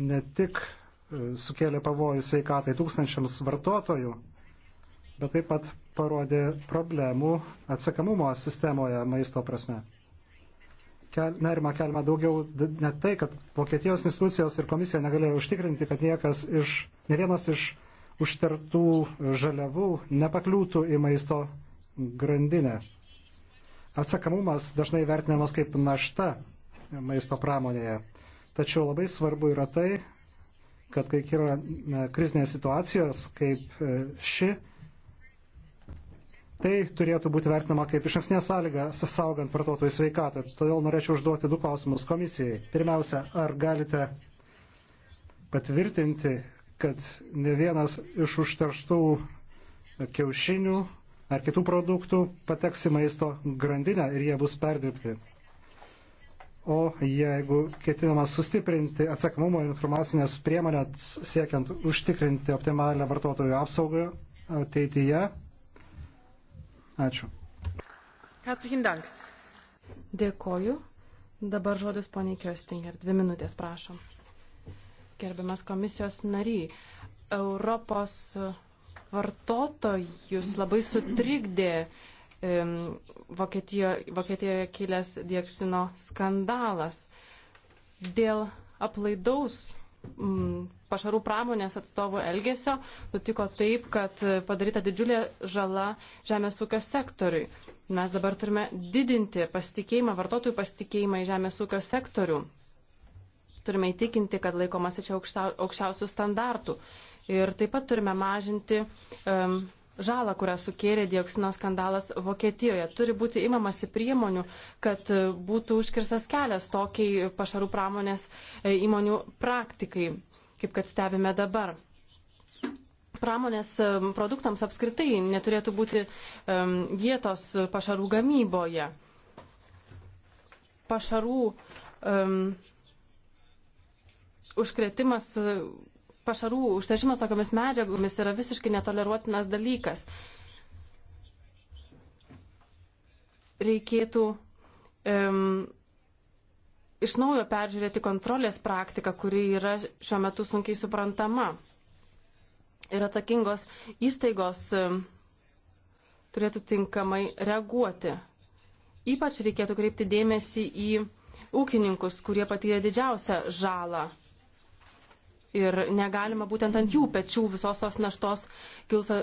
[SPEAKER 4] ne tik e, sukėlė pavojų sveikatai tūkstančiams vartotojų, bet taip pat parodė problemų atsakamumo sistemoje maisto prasme. Kel, nerima kelma daugiau ne tai, kad Vokietijos institucijos ir komisija negalėjo užtikrinti, kad niekas iš, ne vienas iš užtertų žaliavų nepakliūtų į maisto grandinę. Atsakamumas dažnai vertinamas kaip našta maisto pramonėje. Tačiau labai svarbu yra tai, kad kai yra krizinės situacijos kaip e, ši, tai turėtų būti vertinama kaip iš anksnės sąlyga saugant vartotojų sveikatą. Todėl norėčiau užduoti du klausimus komisijai. Pirmiausia, ar galite patvirtinti, kad ne vienas iš užterštų kiaušinių ar kitų produktų pateks į maisto grandinę ir jie bus perdirbti. O jeigu ketinama sustiprinti atsakomumo informacinės priemonės siekiant užtikrinti optimalią vartotojų apsaugą ateityje. Ačiū.
[SPEAKER 5] Herzlichen Dank. Dėkoju. Dabar žodis poniai Kjostinger. Dvi minutės, prašom. Gerbiamas komisijos nariai, Europos vartotojus labai sutrikdė Vokietijoje, Vokietijoje kilęs dioksino skandalas. Dėl aplaidaus m, pašarų pramonės atstovų elgesio nutiko taip, kad padaryta didžiulė žala žemės ūkio sektoriui. Mes dabar turime didinti pasitikėjimą, vartotojų pasitikėjimą į žemės ūkio sektorių. Turime įtikinti, kad laikomasi čia aukšta, aukščiausių standartų. Ir taip pat turime mažinti um, žalą, kurią sukėlė dioksino skandalas Vokietijoje. Turi būti imamasi priemonių, kad būtų užkirstas kelias tokiai pašarų pramonės e, įmonių praktikai, kaip kad stebime dabar. Pramonės e, produktams apskritai neturėtų būti e, vietos pašarų gamyboje. Pašarų um, užkretimas pašarų užteršimas tokiamis medžiagomis yra visiškai netoleruotinas dalykas. Reikėtų um, iš naujo peržiūrėti kontrolės praktiką, kuri yra šiuo metu sunkiai suprantama. Ir atsakingos įstaigos um, turėtų tinkamai reaguoti. Ypač reikėtų kreipti dėmesį į ūkininkus, kurie patyrė didžiausią žalą ir negalima būtent ant jų pečių visos tos naštos kilso,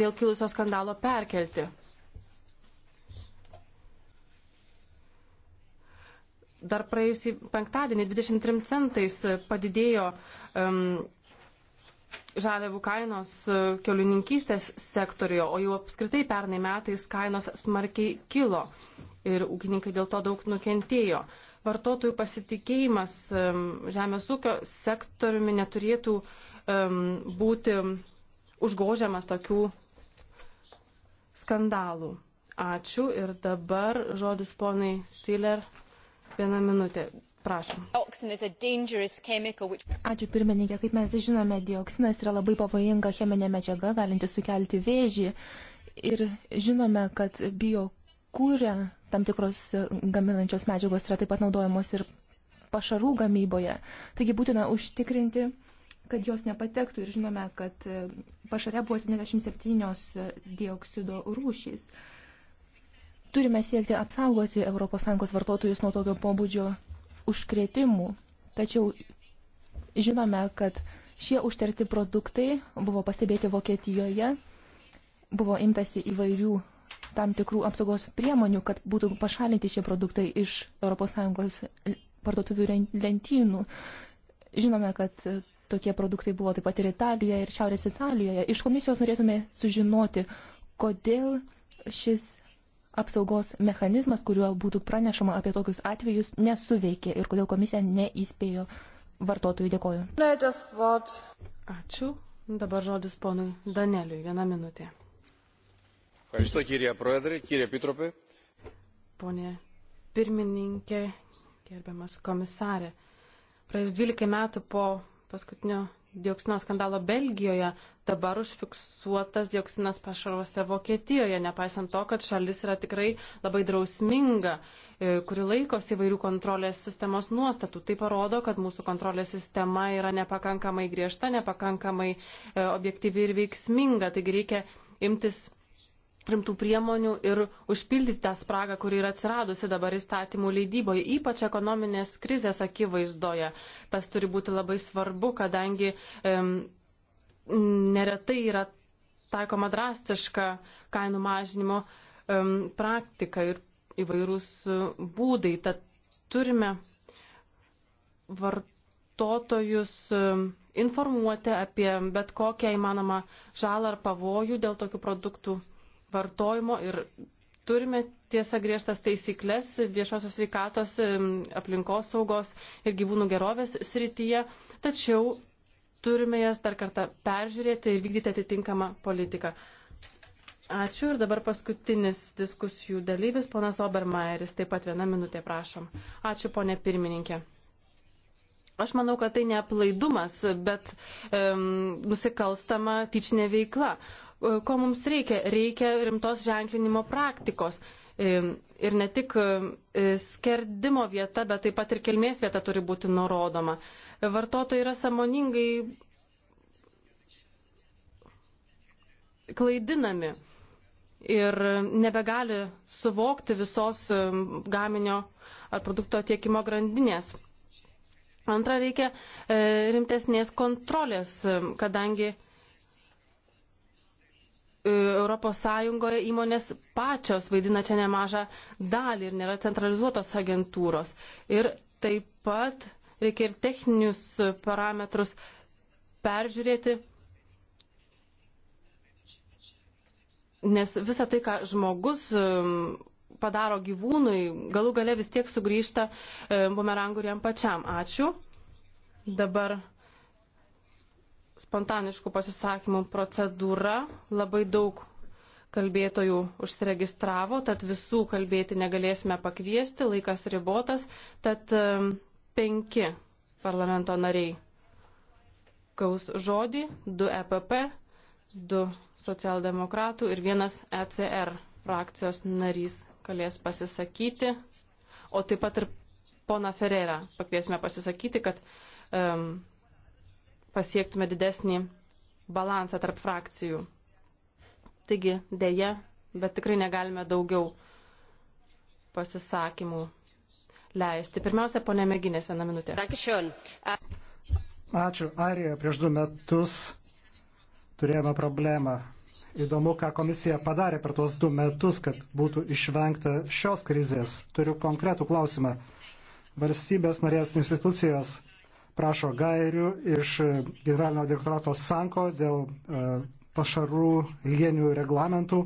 [SPEAKER 5] dėl kilusio skandalo perkelti. Dar praėjusį penktadienį 23 centais padidėjo um, žaliavų kainos e, keliuninkystės sektoriuje, o jau apskritai pernai metais kainos smarkiai kilo ir ūkininkai dėl to daug nukentėjo. Uh, vartotojų pasitikėjimas žemės ūkio sektoriumi neturėtų būti užgožiamas tokių skandalų. Ačiū ir dabar žodis ponai Stiller. Vieną minutę. Prašom.
[SPEAKER 2] Ačiū
[SPEAKER 6] pirmininkė. Kaip mes žinome, dioksinas yra labai pavojinga cheminė medžiaga, galinti sukelti vėžį. Ir žinome, kad biokūrę tam tikros gaminančios medžiagos yra taip pat naudojamos ir pašarų gamyboje. Taigi būtina užtikrinti, kad jos nepatektų ir žinome, kad e, pašare buvo 77 e, dioksido rūšys. Turime siekti apsaugoti ES vartotojus nuo tokio pobūdžio užkrėtimų, tačiau žinome, kad šie užterti produktai buvo pastebėti Vokietijoje, buvo imtasi įvairių tam tikrų apsaugos priemonių, kad būtų pašalinti šie produktai iš ES parduotuvių lentynų. Žinome, kad tokie produktai buvo taip pat ir Italijoje, ir Šiaurės Italijoje. Iš komisijos norėtume sužinoti, kodėl šis apsaugos mechanizmas, kuriuo būtų pranešama apie tokius atvejus, nesuveikė ir kodėl komisija neįspėjo vartotojų.
[SPEAKER 5] Dėkoju. Ačiū. Dabar žodis ponui Daneliui. Vieną minutę.
[SPEAKER 3] Ευχαριστώ κύριε Πρόεδρε, κύριε Επίτροπε.
[SPEAKER 5] Pone pirmininkė, gerbiamas komisarė, praėjus 12 metų po paskutinio dioksino skandalo Belgijoje, dabar užfiksuotas dioksinas pašaruose Vokietijoje, nepaisant to, kad šalis yra tikrai labai drausminga, e, kuri laikosi įvairių kontrolės sistemos nuostatų. Tai parodo, kad mūsų kontrolės sistema yra nepakankamai griežta, nepakankamai e, objektyvi ir veiksminga. Taigi reikia imtis primtų priemonių ir užpildyti tą spragą, kuri yra atsiradusi dabar įstatymų leidyboje, ypač ekonominės krizės akivaizdoje. Tas turi būti labai svarbu, kadangi um, e, neretai yra taikoma drastiška kainų mažinimo um, praktika ir įvairūs e, būdai. Tad turime vartotojus e, informuoti apie bet kokią įmanomą žalą ar pavojų dėl tokių produktų vartojimo ir turime tiesa griežtas taisyklės viešosios sveikatos, aplinkos saugos ir gyvūnų gerovės srityje, tačiau turime jas dar kartą peržiūrėti ir vykdyti atitinkamą politiką. Ačiū ir dabar paskutinis diskusijų dalyvis, ponas Obermaeris, taip pat vieną minutę prašom. Ačiū, ponė pirmininkė. Aš manau, kad tai neaplaidumas, bet um, nusikalstama tyčinė veikla. E, ko mums reikia? Reikia rimtos ženklinimo praktikos. E, ir ne tik e, skerdimo vieta, bet taip pat ir kilmės vieta turi būti nurodoma. Vartotojai yra samoningai klaidinami ir nebegali suvokti visos gaminio ar produkto tiekimo grandinės. Antra, reikia rimtesnės kontrolės, kadangi ES įmonės pačios vaidina čia nemažą dalį ir nėra centralizuotos agentūros. Ir taip pat reikia ir techninius parametrus peržiūrėti, nes visa tai, ką žmogus padaro gyvūnui, galų gale vis tiek sugrįžta bumerangų ir jam pačiam. Ačiū. Dabar spontaniškų pasisakymų procedūra. Labai daug kalbėtojų užsiregistravo, tad visų kalbėti negalėsime pakviesti, laikas ribotas, tad penki parlamento nariai gaus žodį, du EPP, du socialdemokratų ir vienas ECR frakcijos narys galės pasisakyti, o taip pat ir pona Ferreira pakviesime pasisakyti, kad um, pasiektume didesnį balansą tarp frakcijų. Taigi, dėje, bet tikrai negalime daugiau pasisakymų leisti. Pirmiausia, ponė Mėginės, vieną minutę. Ačiū. Airija
[SPEAKER 4] prieš du metus turėjome problemą. Įdomu, ką komisija padarė per tuos du metus, kad būtų išvengta šios krizės. Turiu konkretų klausimą. Valstybės narės institucijos prašo gairių iš generalinio direktorato Sanko dėl e, pašarų hygieninių reglamentų.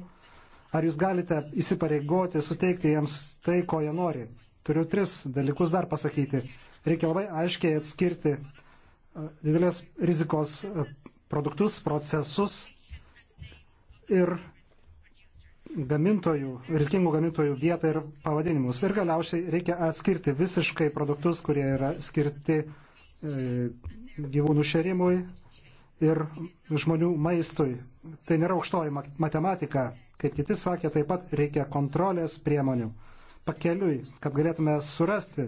[SPEAKER 4] Ar jūs galite įsipareigoti, suteikti jiems tai, ko jie nori? Turiu tris dalykus dar pasakyti. Reikia labai aiškiai atskirti e, didelės rizikos e, produktus, procesus ir gamintojų, rizikingų gamintojų vietą ir pavadinimus. Ir galiausiai reikia atskirti visiškai produktus, kurie yra skirti uh, E, gyvūnų šerimui ir žmonių maistui. Tai nėra aukštoji matematika, kaip kiti sakė, taip pat reikia kontrolės priemonių pakeliui, kad galėtume surasti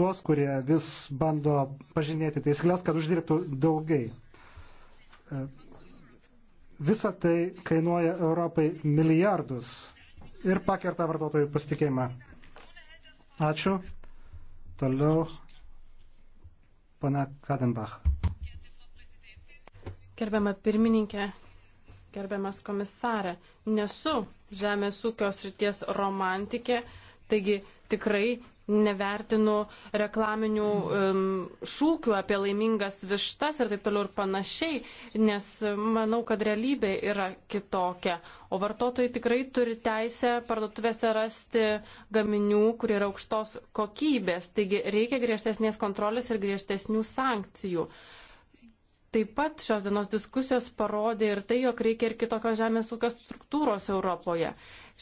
[SPEAKER 4] tuos, kurie vis bando pažinėti taisyklės, kad uždirbtų daugiai. E, visa tai kainuoja Europai milijardus ir pakerta vartotojų pasitikėjimą. Ačiū. Toliau Pana Kadenbach.
[SPEAKER 5] Gerbiama pirmininkė, gerbiamas komisarė, nesu žemės ūkio srities romantikė, taigi tikrai nevertinu reklaminių um, šūkių apie laimingas vištas ir taip toliau ir panašiai, nes manau, kad realybė yra kitokia. O vartotojai tikrai turi teisę parduotuvėse rasti gaminių, kurie yra aukštos kokybės. Taigi reikia griežtesnės kontrolės ir griežtesnių sankcijų. Uh, Taip pat šios dienos diskusijos parodė ir tai, jog reikia ir kitokios žemės ūkio struktūros Europoje.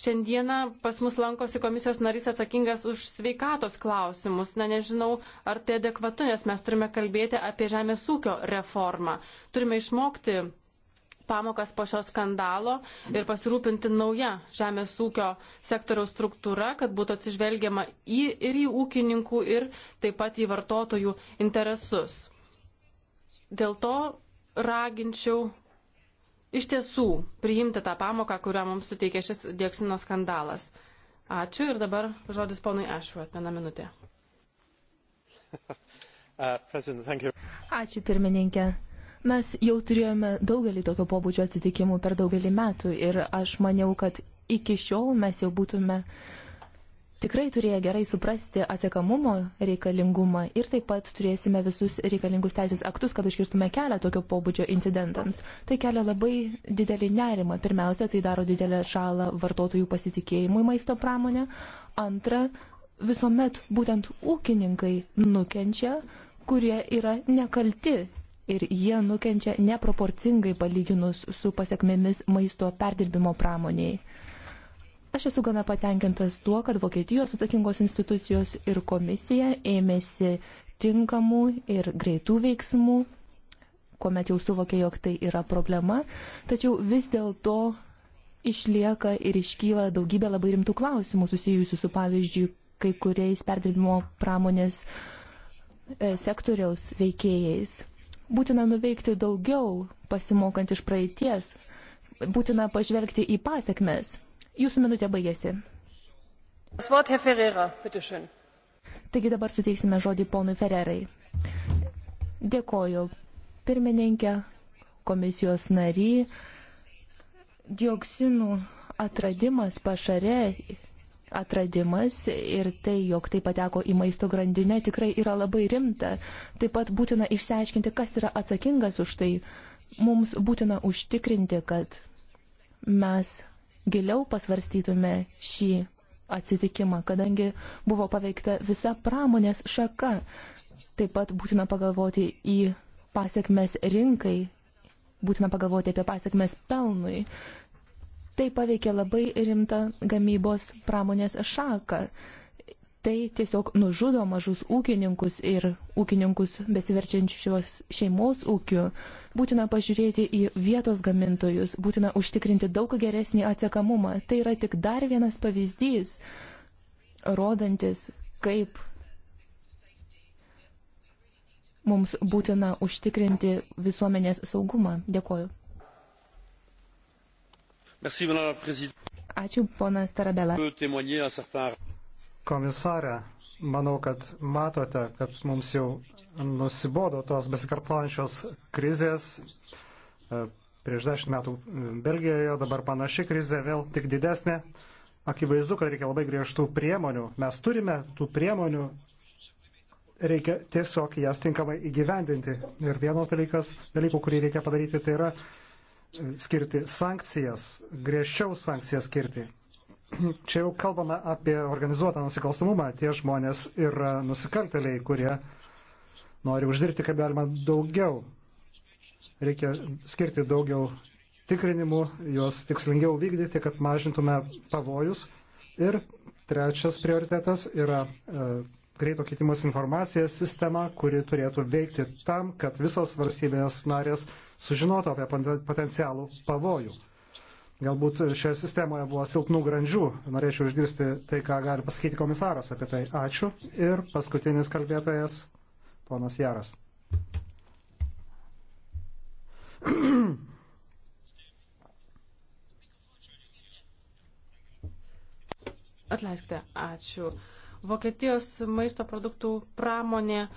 [SPEAKER 5] Šiandieną pas mus lankosi komisijos narys atsakingas už sveikatos klausimus. Na nežinau, ar tai adekvatu, nes mes turime kalbėti apie žemės ūkio reformą. Turime išmokti pamokas po šio skandalo ir pasirūpinti nauja žemės ūkio sektoriaus struktūra, kad būtų atsižvelgiama į, ir į ūkininkų, ir taip pat į vartotojų interesus. Dėl to raginčiau iš tiesų priimti tą pamoką, kurią mums suteikė šis dioksino skandalas. Ačiū ir dabar žodis ponui Ashworth, vieną minutę.
[SPEAKER 4] Uh,
[SPEAKER 6] Ačiū pirmininkė. Mes jau turėjome daugelį tokio pobūdžio atsitikimų per daugelį metų ir aš maniau, kad iki šiol mes jau būtume uh, tikrai turėję gerai suprasti atsiekamumo reikalingumą ir taip pat turėsime visus reikalingus teisės aktus, kad užkirstume kelią tokio pobūdžio incidentams. Tai kelia labai didelį nerimą. Pirmiausia, tai daro didelę žalą vartotojų pasitikėjimui maisto pramonė. Antra, visuomet būtent ūkininkai nukenčia, kurie yra nekalti ir jie nukenčia neproporcingai palyginus su pasiekmėmis maisto perdirbimo pramoniai. Aš esu gana patenkintas tuo, kad Vokietijos atsakingos institucijos ir komisija ėmėsi tinkamų ir greitų veiksmų, kuomet jau suvokė, jog tai yra problema, tačiau vis dėlto išlieka ir iškyla daugybė labai rimtų klausimų susijusių su, pavyzdžiui, kai kuriais perdirbimo pramonės e, sektoriaus veikėjais. Būtina nuveikti daugiau, pasimokant iš praeities, būtina pažvelgti į pasiekmes. Jūsų minutė baigėsi. Ferreira, Taigi dabar suteiksime žodį ponui Ferrerai. Dėkoju pirmininkė, komisijos nary. Dioksinų atradimas pašare atradimas ir tai, jog tai pateko į maisto grandinę, tikrai yra labai rimta. Taip pat būtina išsiaiškinti, kas yra atsakingas už tai. Mums būtina užtikrinti, kad mes giliau pasvarstytume šį atsitikimą, kadangi buvo paveikta visa pramonės šaka. Taip pat būtina pagalvoti į pasiekmes rinkai, būtina pagalvoti apie pasiekmes pelnui. Tai paveikė labai rimtą gamybos pramonės šaką tai tiesiog nužudo mažus ūkininkus ir ūkininkus besiverčiančios šeimos ūkių. Būtina pažiūrėti į vietos gamintojus, būtina užtikrinti daug geresnį atsekamumą. Tai yra tik dar vienas pavyzdys, rodantis, kaip mums būtina užtikrinti visuomenės saugumą. Dėkuoju.
[SPEAKER 1] Merci,
[SPEAKER 6] Ačiū, ponas Tarabela komisarę, manau,
[SPEAKER 4] kad matote, kad mums jau nusibodo tos besikartojančios krizės. E, prieš dešimt metų Belgijoje, dabar panaši krizė, vėl tik didesnė. Akivaizdu, kad reikia labai griežtų priemonių. Mes turime tų priemonių, reikia tiesiog jas tinkamai įgyvendinti. Ir vienas dalykas, dalykų, kurį reikia padaryti, tai yra e, skirti sankcijas, griežčiau sankcijas skirti čia jau kalbame apie organizuotą nusikalstamumą. Tie žmonės yra nusikalteliai, kurie nori uždirbti kaip galima daugiau. Reikia skirti daugiau tikrinimų, juos tikslingiau vykdyti, kad mažintume pavojus. Ir trečias prioritetas yra e, greito keitimas informacija sistema, kuri turėtų veikti tam, kad visos valstybės narės sužinotų apie potencialų pavojų. Galbūt šioje sistemoje buvo silpnų grandžių. Norėčiau išgirsti tai, ką gali pasakyti komisaras apie tai. Ačiū. Ir paskutinis kalbėtojas, ponas Jaras.
[SPEAKER 5] Atleiskite, ačiū. Vokietijos maisto produktų pramonė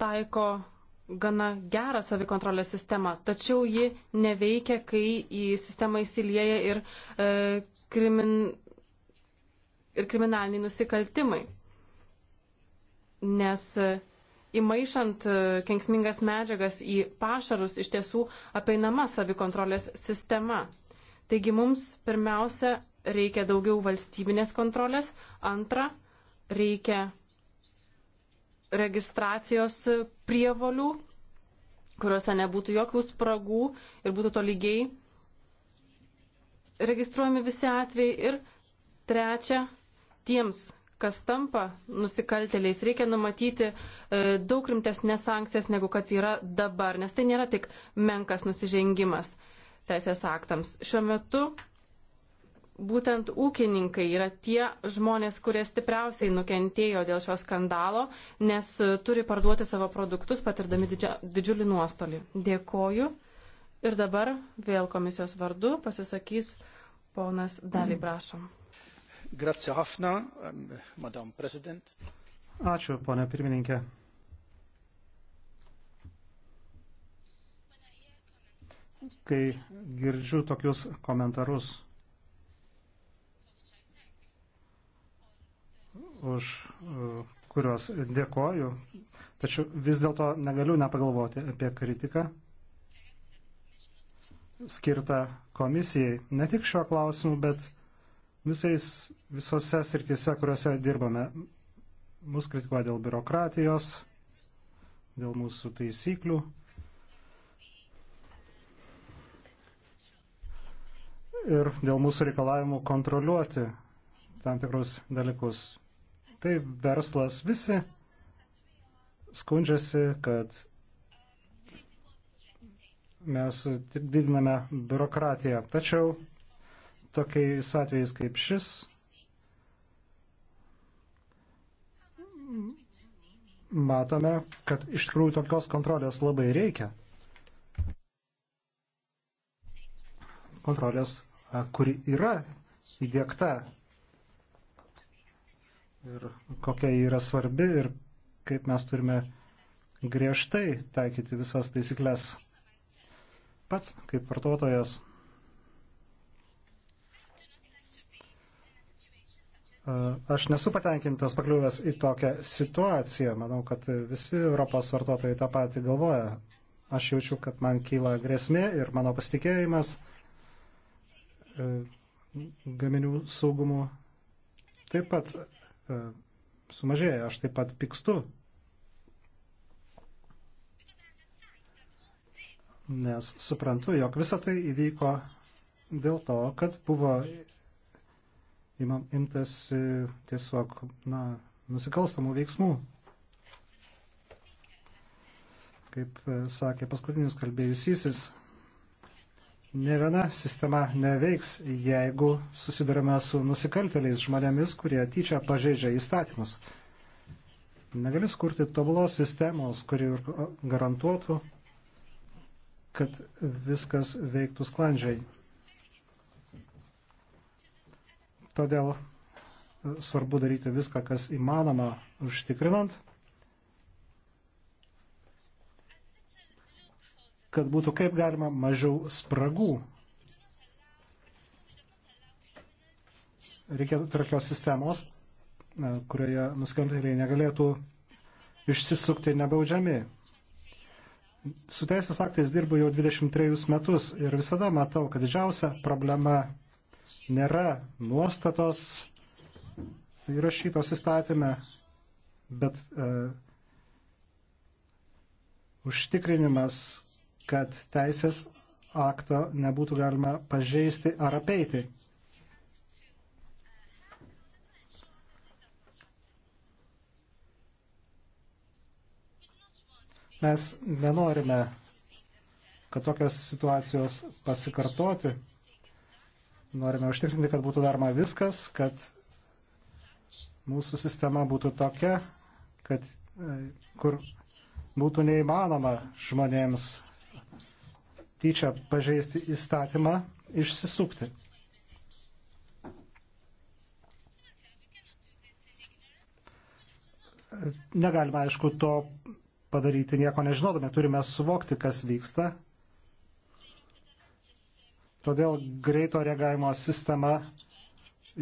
[SPEAKER 5] taiko gana gerą savikontrolės sistemą, tačiau ji neveikia, kai į sistemą įsilieja ir, e, krimin, ir kriminaliniai nusikaltimai. Nes e, įmaišant e, kenksmingas medžiagas į pašarus iš tiesų apeinama savikontrolės sistema. Taigi mums pirmiausia reikia daugiau valstybinės kontrolės, antra reikia registracijos prievolių, kuriuose nebūtų jokių spragų ir būtų tolygiai registruojami visi atvejai. Ir trečia, tiems, kas tampa nusikaltėliais, reikia numatyti e, daug rimtesnės sankcijas, negu kad yra dabar, nes tai nėra tik menkas nusižengimas teisės aktams. Šiuo metu būtent ūkininkai yra tie žmonės, kurie stipriausiai nukentėjo dėl šio skandalo, nes e, turi parduoti savo produktus, patirdami didžia, didžiulį nuostolį. Dėkoju. Ir dabar vėl komisijos vardu pasisakys ponas Dali, prašom.
[SPEAKER 3] Grazie Hafna, madam prezident.
[SPEAKER 4] Ačiū, ponė pirmininkė. Kai girdžiu tokius komentarus už e, kuriuos dėkoju, tačiau vis dėlto negaliu nepagalvoti apie kritiką skirtą komisijai, ne tik šiuo klausimu, bet visais, visose srityse, kuriuose dirbame. Mus kritikuoja dėl biurokratijos, dėl mūsų taisyklių. Ir dėl mūsų reikalavimų kontroliuoti tam tikrus dalykus tai verslas visi skundžiasi, kad mes tik didiname biurokratiją. Tačiau tokiais atvejais kaip šis matome, kad iš tikrųjų tokios kontrolės labai reikia. Kontrolės, kuri yra įdėkta ir kokia yra svarbi ir kaip mes turime griežtai taikyti visas taisyklės. Pats kaip vartotojas aš nesu patenkintas pakliuvęs į tokią situaciją. Manau, kad visi Europos vartotojai tą patį galvoja. Aš jaučiu, kad man kyla grėsmė ir mano pasitikėjimas e, gaminių saugumu taip pat E, sumažėja. Aš taip pat pikstu, nes suprantu, jog visa tai įvyko dėl to, kad buvo imtas e, tiesiog na, nusikalstamų veiksmų. Kaip e, sakė paskutinis kalbėjusysis, Ne viena sistema neveiks, jeigu susidurime su nusikalteliais žmonėmis, kurie tyčia pažeidžia įstatymus. Negali skurti tobulos sistemos, kuri garantuotų, kad viskas veiktų sklandžiai. Todėl svarbu daryti viską, kas įmanoma, užtikrinant kad būtų kaip galima mažiau spragų. Reikėtų tokios sistemos, kurioje nusikaltėliai negalėtų išsisukti nebaudžiami. Su teisės aktais dirbu jau 23 metus ir visada matau, kad didžiausia problema nėra nuostatos įrašytos įstatymę, bet uh, užtikrinimas, kad teisės akto nebūtų galima pažeisti ar apeiti. Mes nenorime, kad tokios situacijos pasikartoti. Norime užtikrinti, kad būtų daroma viskas, kad mūsų sistema būtų tokia, kad e, kur būtų neįmanoma žmonėms tyčia pažeisti įstatymą, išsisukti. Negalima, aišku, to padaryti nieko nežinodami, turime suvokti, kas vyksta. Todėl greito reagavimo sistema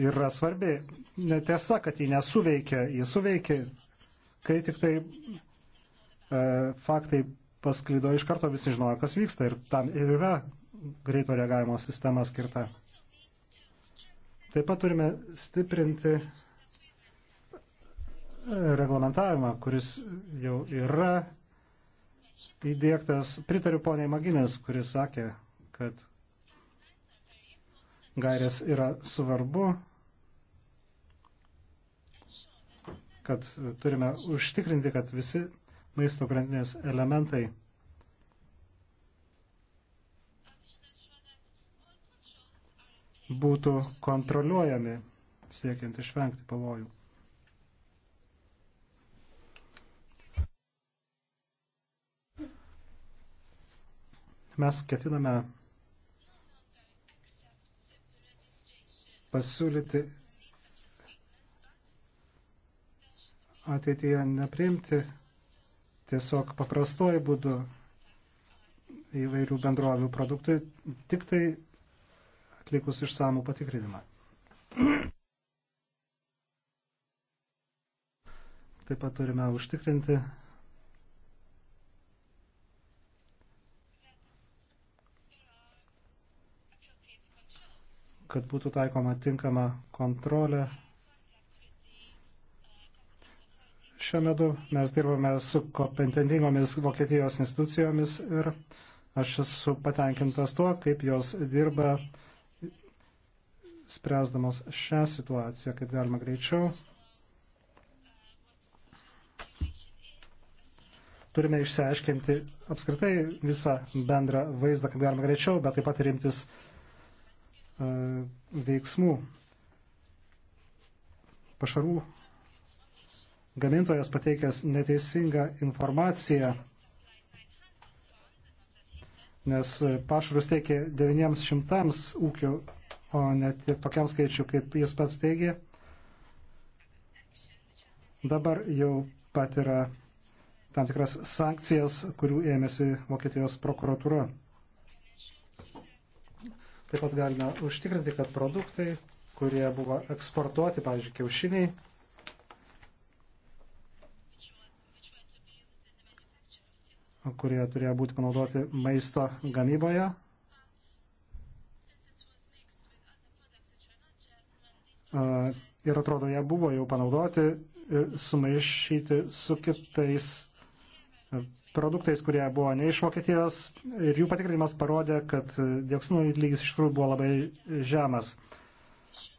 [SPEAKER 4] yra svarbi. Netiesa, kad ji nesuveikia, ji suveikia, kai tik tai e, faktai pasklido iš karto visi žinojo, kas vyksta ir tam ir yra greito reagavimo sistema skirta. Taip pat turime stiprinti e, reglamentavimą, kuris jau yra įdėktas. Pritariu poniai Maginės, kuris sakė, kad gairės yra svarbu, kad turime užtikrinti, kad visi maisto grandinės elementai. būtų kontroliuojami, siekiant išvengti pavojų. Mes ketiname pasiūlyti ateityje nepriimti tiesiog paprastuoju būdu įvairių bendrovių produktui, tik tai atlikus išsamų patikrinimą. Taip pat turime užtikrinti, kad būtų taikoma tinkama kontrolė šiuo metu. Mes dirbame su kompetentingomis Vokietijos institucijomis ir aš esu patenkintas tuo, kaip jos dirba spręsdamos šią situaciją, kaip galima greičiau. Turime išsiaiškinti apskritai visą bendrą vaizdą, kaip galima greičiau, bet taip pat rimtis uh, veiksmų pašarų gamintojas pateikęs neteisingą informaciją, nes pašarus teikė 900 ūkių, o net tokiam skaičiu, kaip jis pats teigė, dabar jau pat yra tam tikras sankcijas, kurių ėmėsi Vokietijos prokuratūra. Taip pat galime užtikrinti, kad produktai, kurie buvo eksportuoti, pavyzdžiui, kiaušiniai, kurie turėjo būti panaudoti maisto gamyboje. Ir atrodo, jie buvo jau panaudoti ir sumaišyti su kitais produktais, kurie buvo ne iš Vokietijos. Ir jų patikrinimas parodė, kad dioksinų lygis iš tikrųjų buvo labai žemas.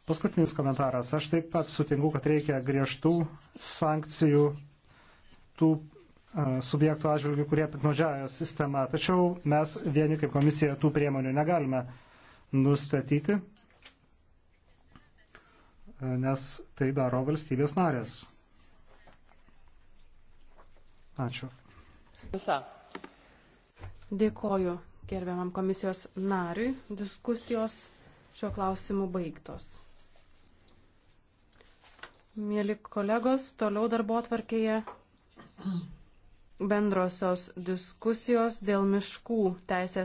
[SPEAKER 4] Paskutinis komentaras. Aš taip pat sutinku, kad reikia griežtų sankcijų tų subjektų atžvilgių, kurie piknaudžiavo sistemą. Tačiau mes vieni kaip komisija tų priemonių negalime nustatyti, nes tai daro valstybės narės. Ačiū.
[SPEAKER 5] Visa. Dėkoju gerbiamam komisijos nariui. Diskusijos šiuo klausimu baigtos. Mėly kolegos, toliau darbo atvarkėje bendrosios diskusijos dėl miškų teisės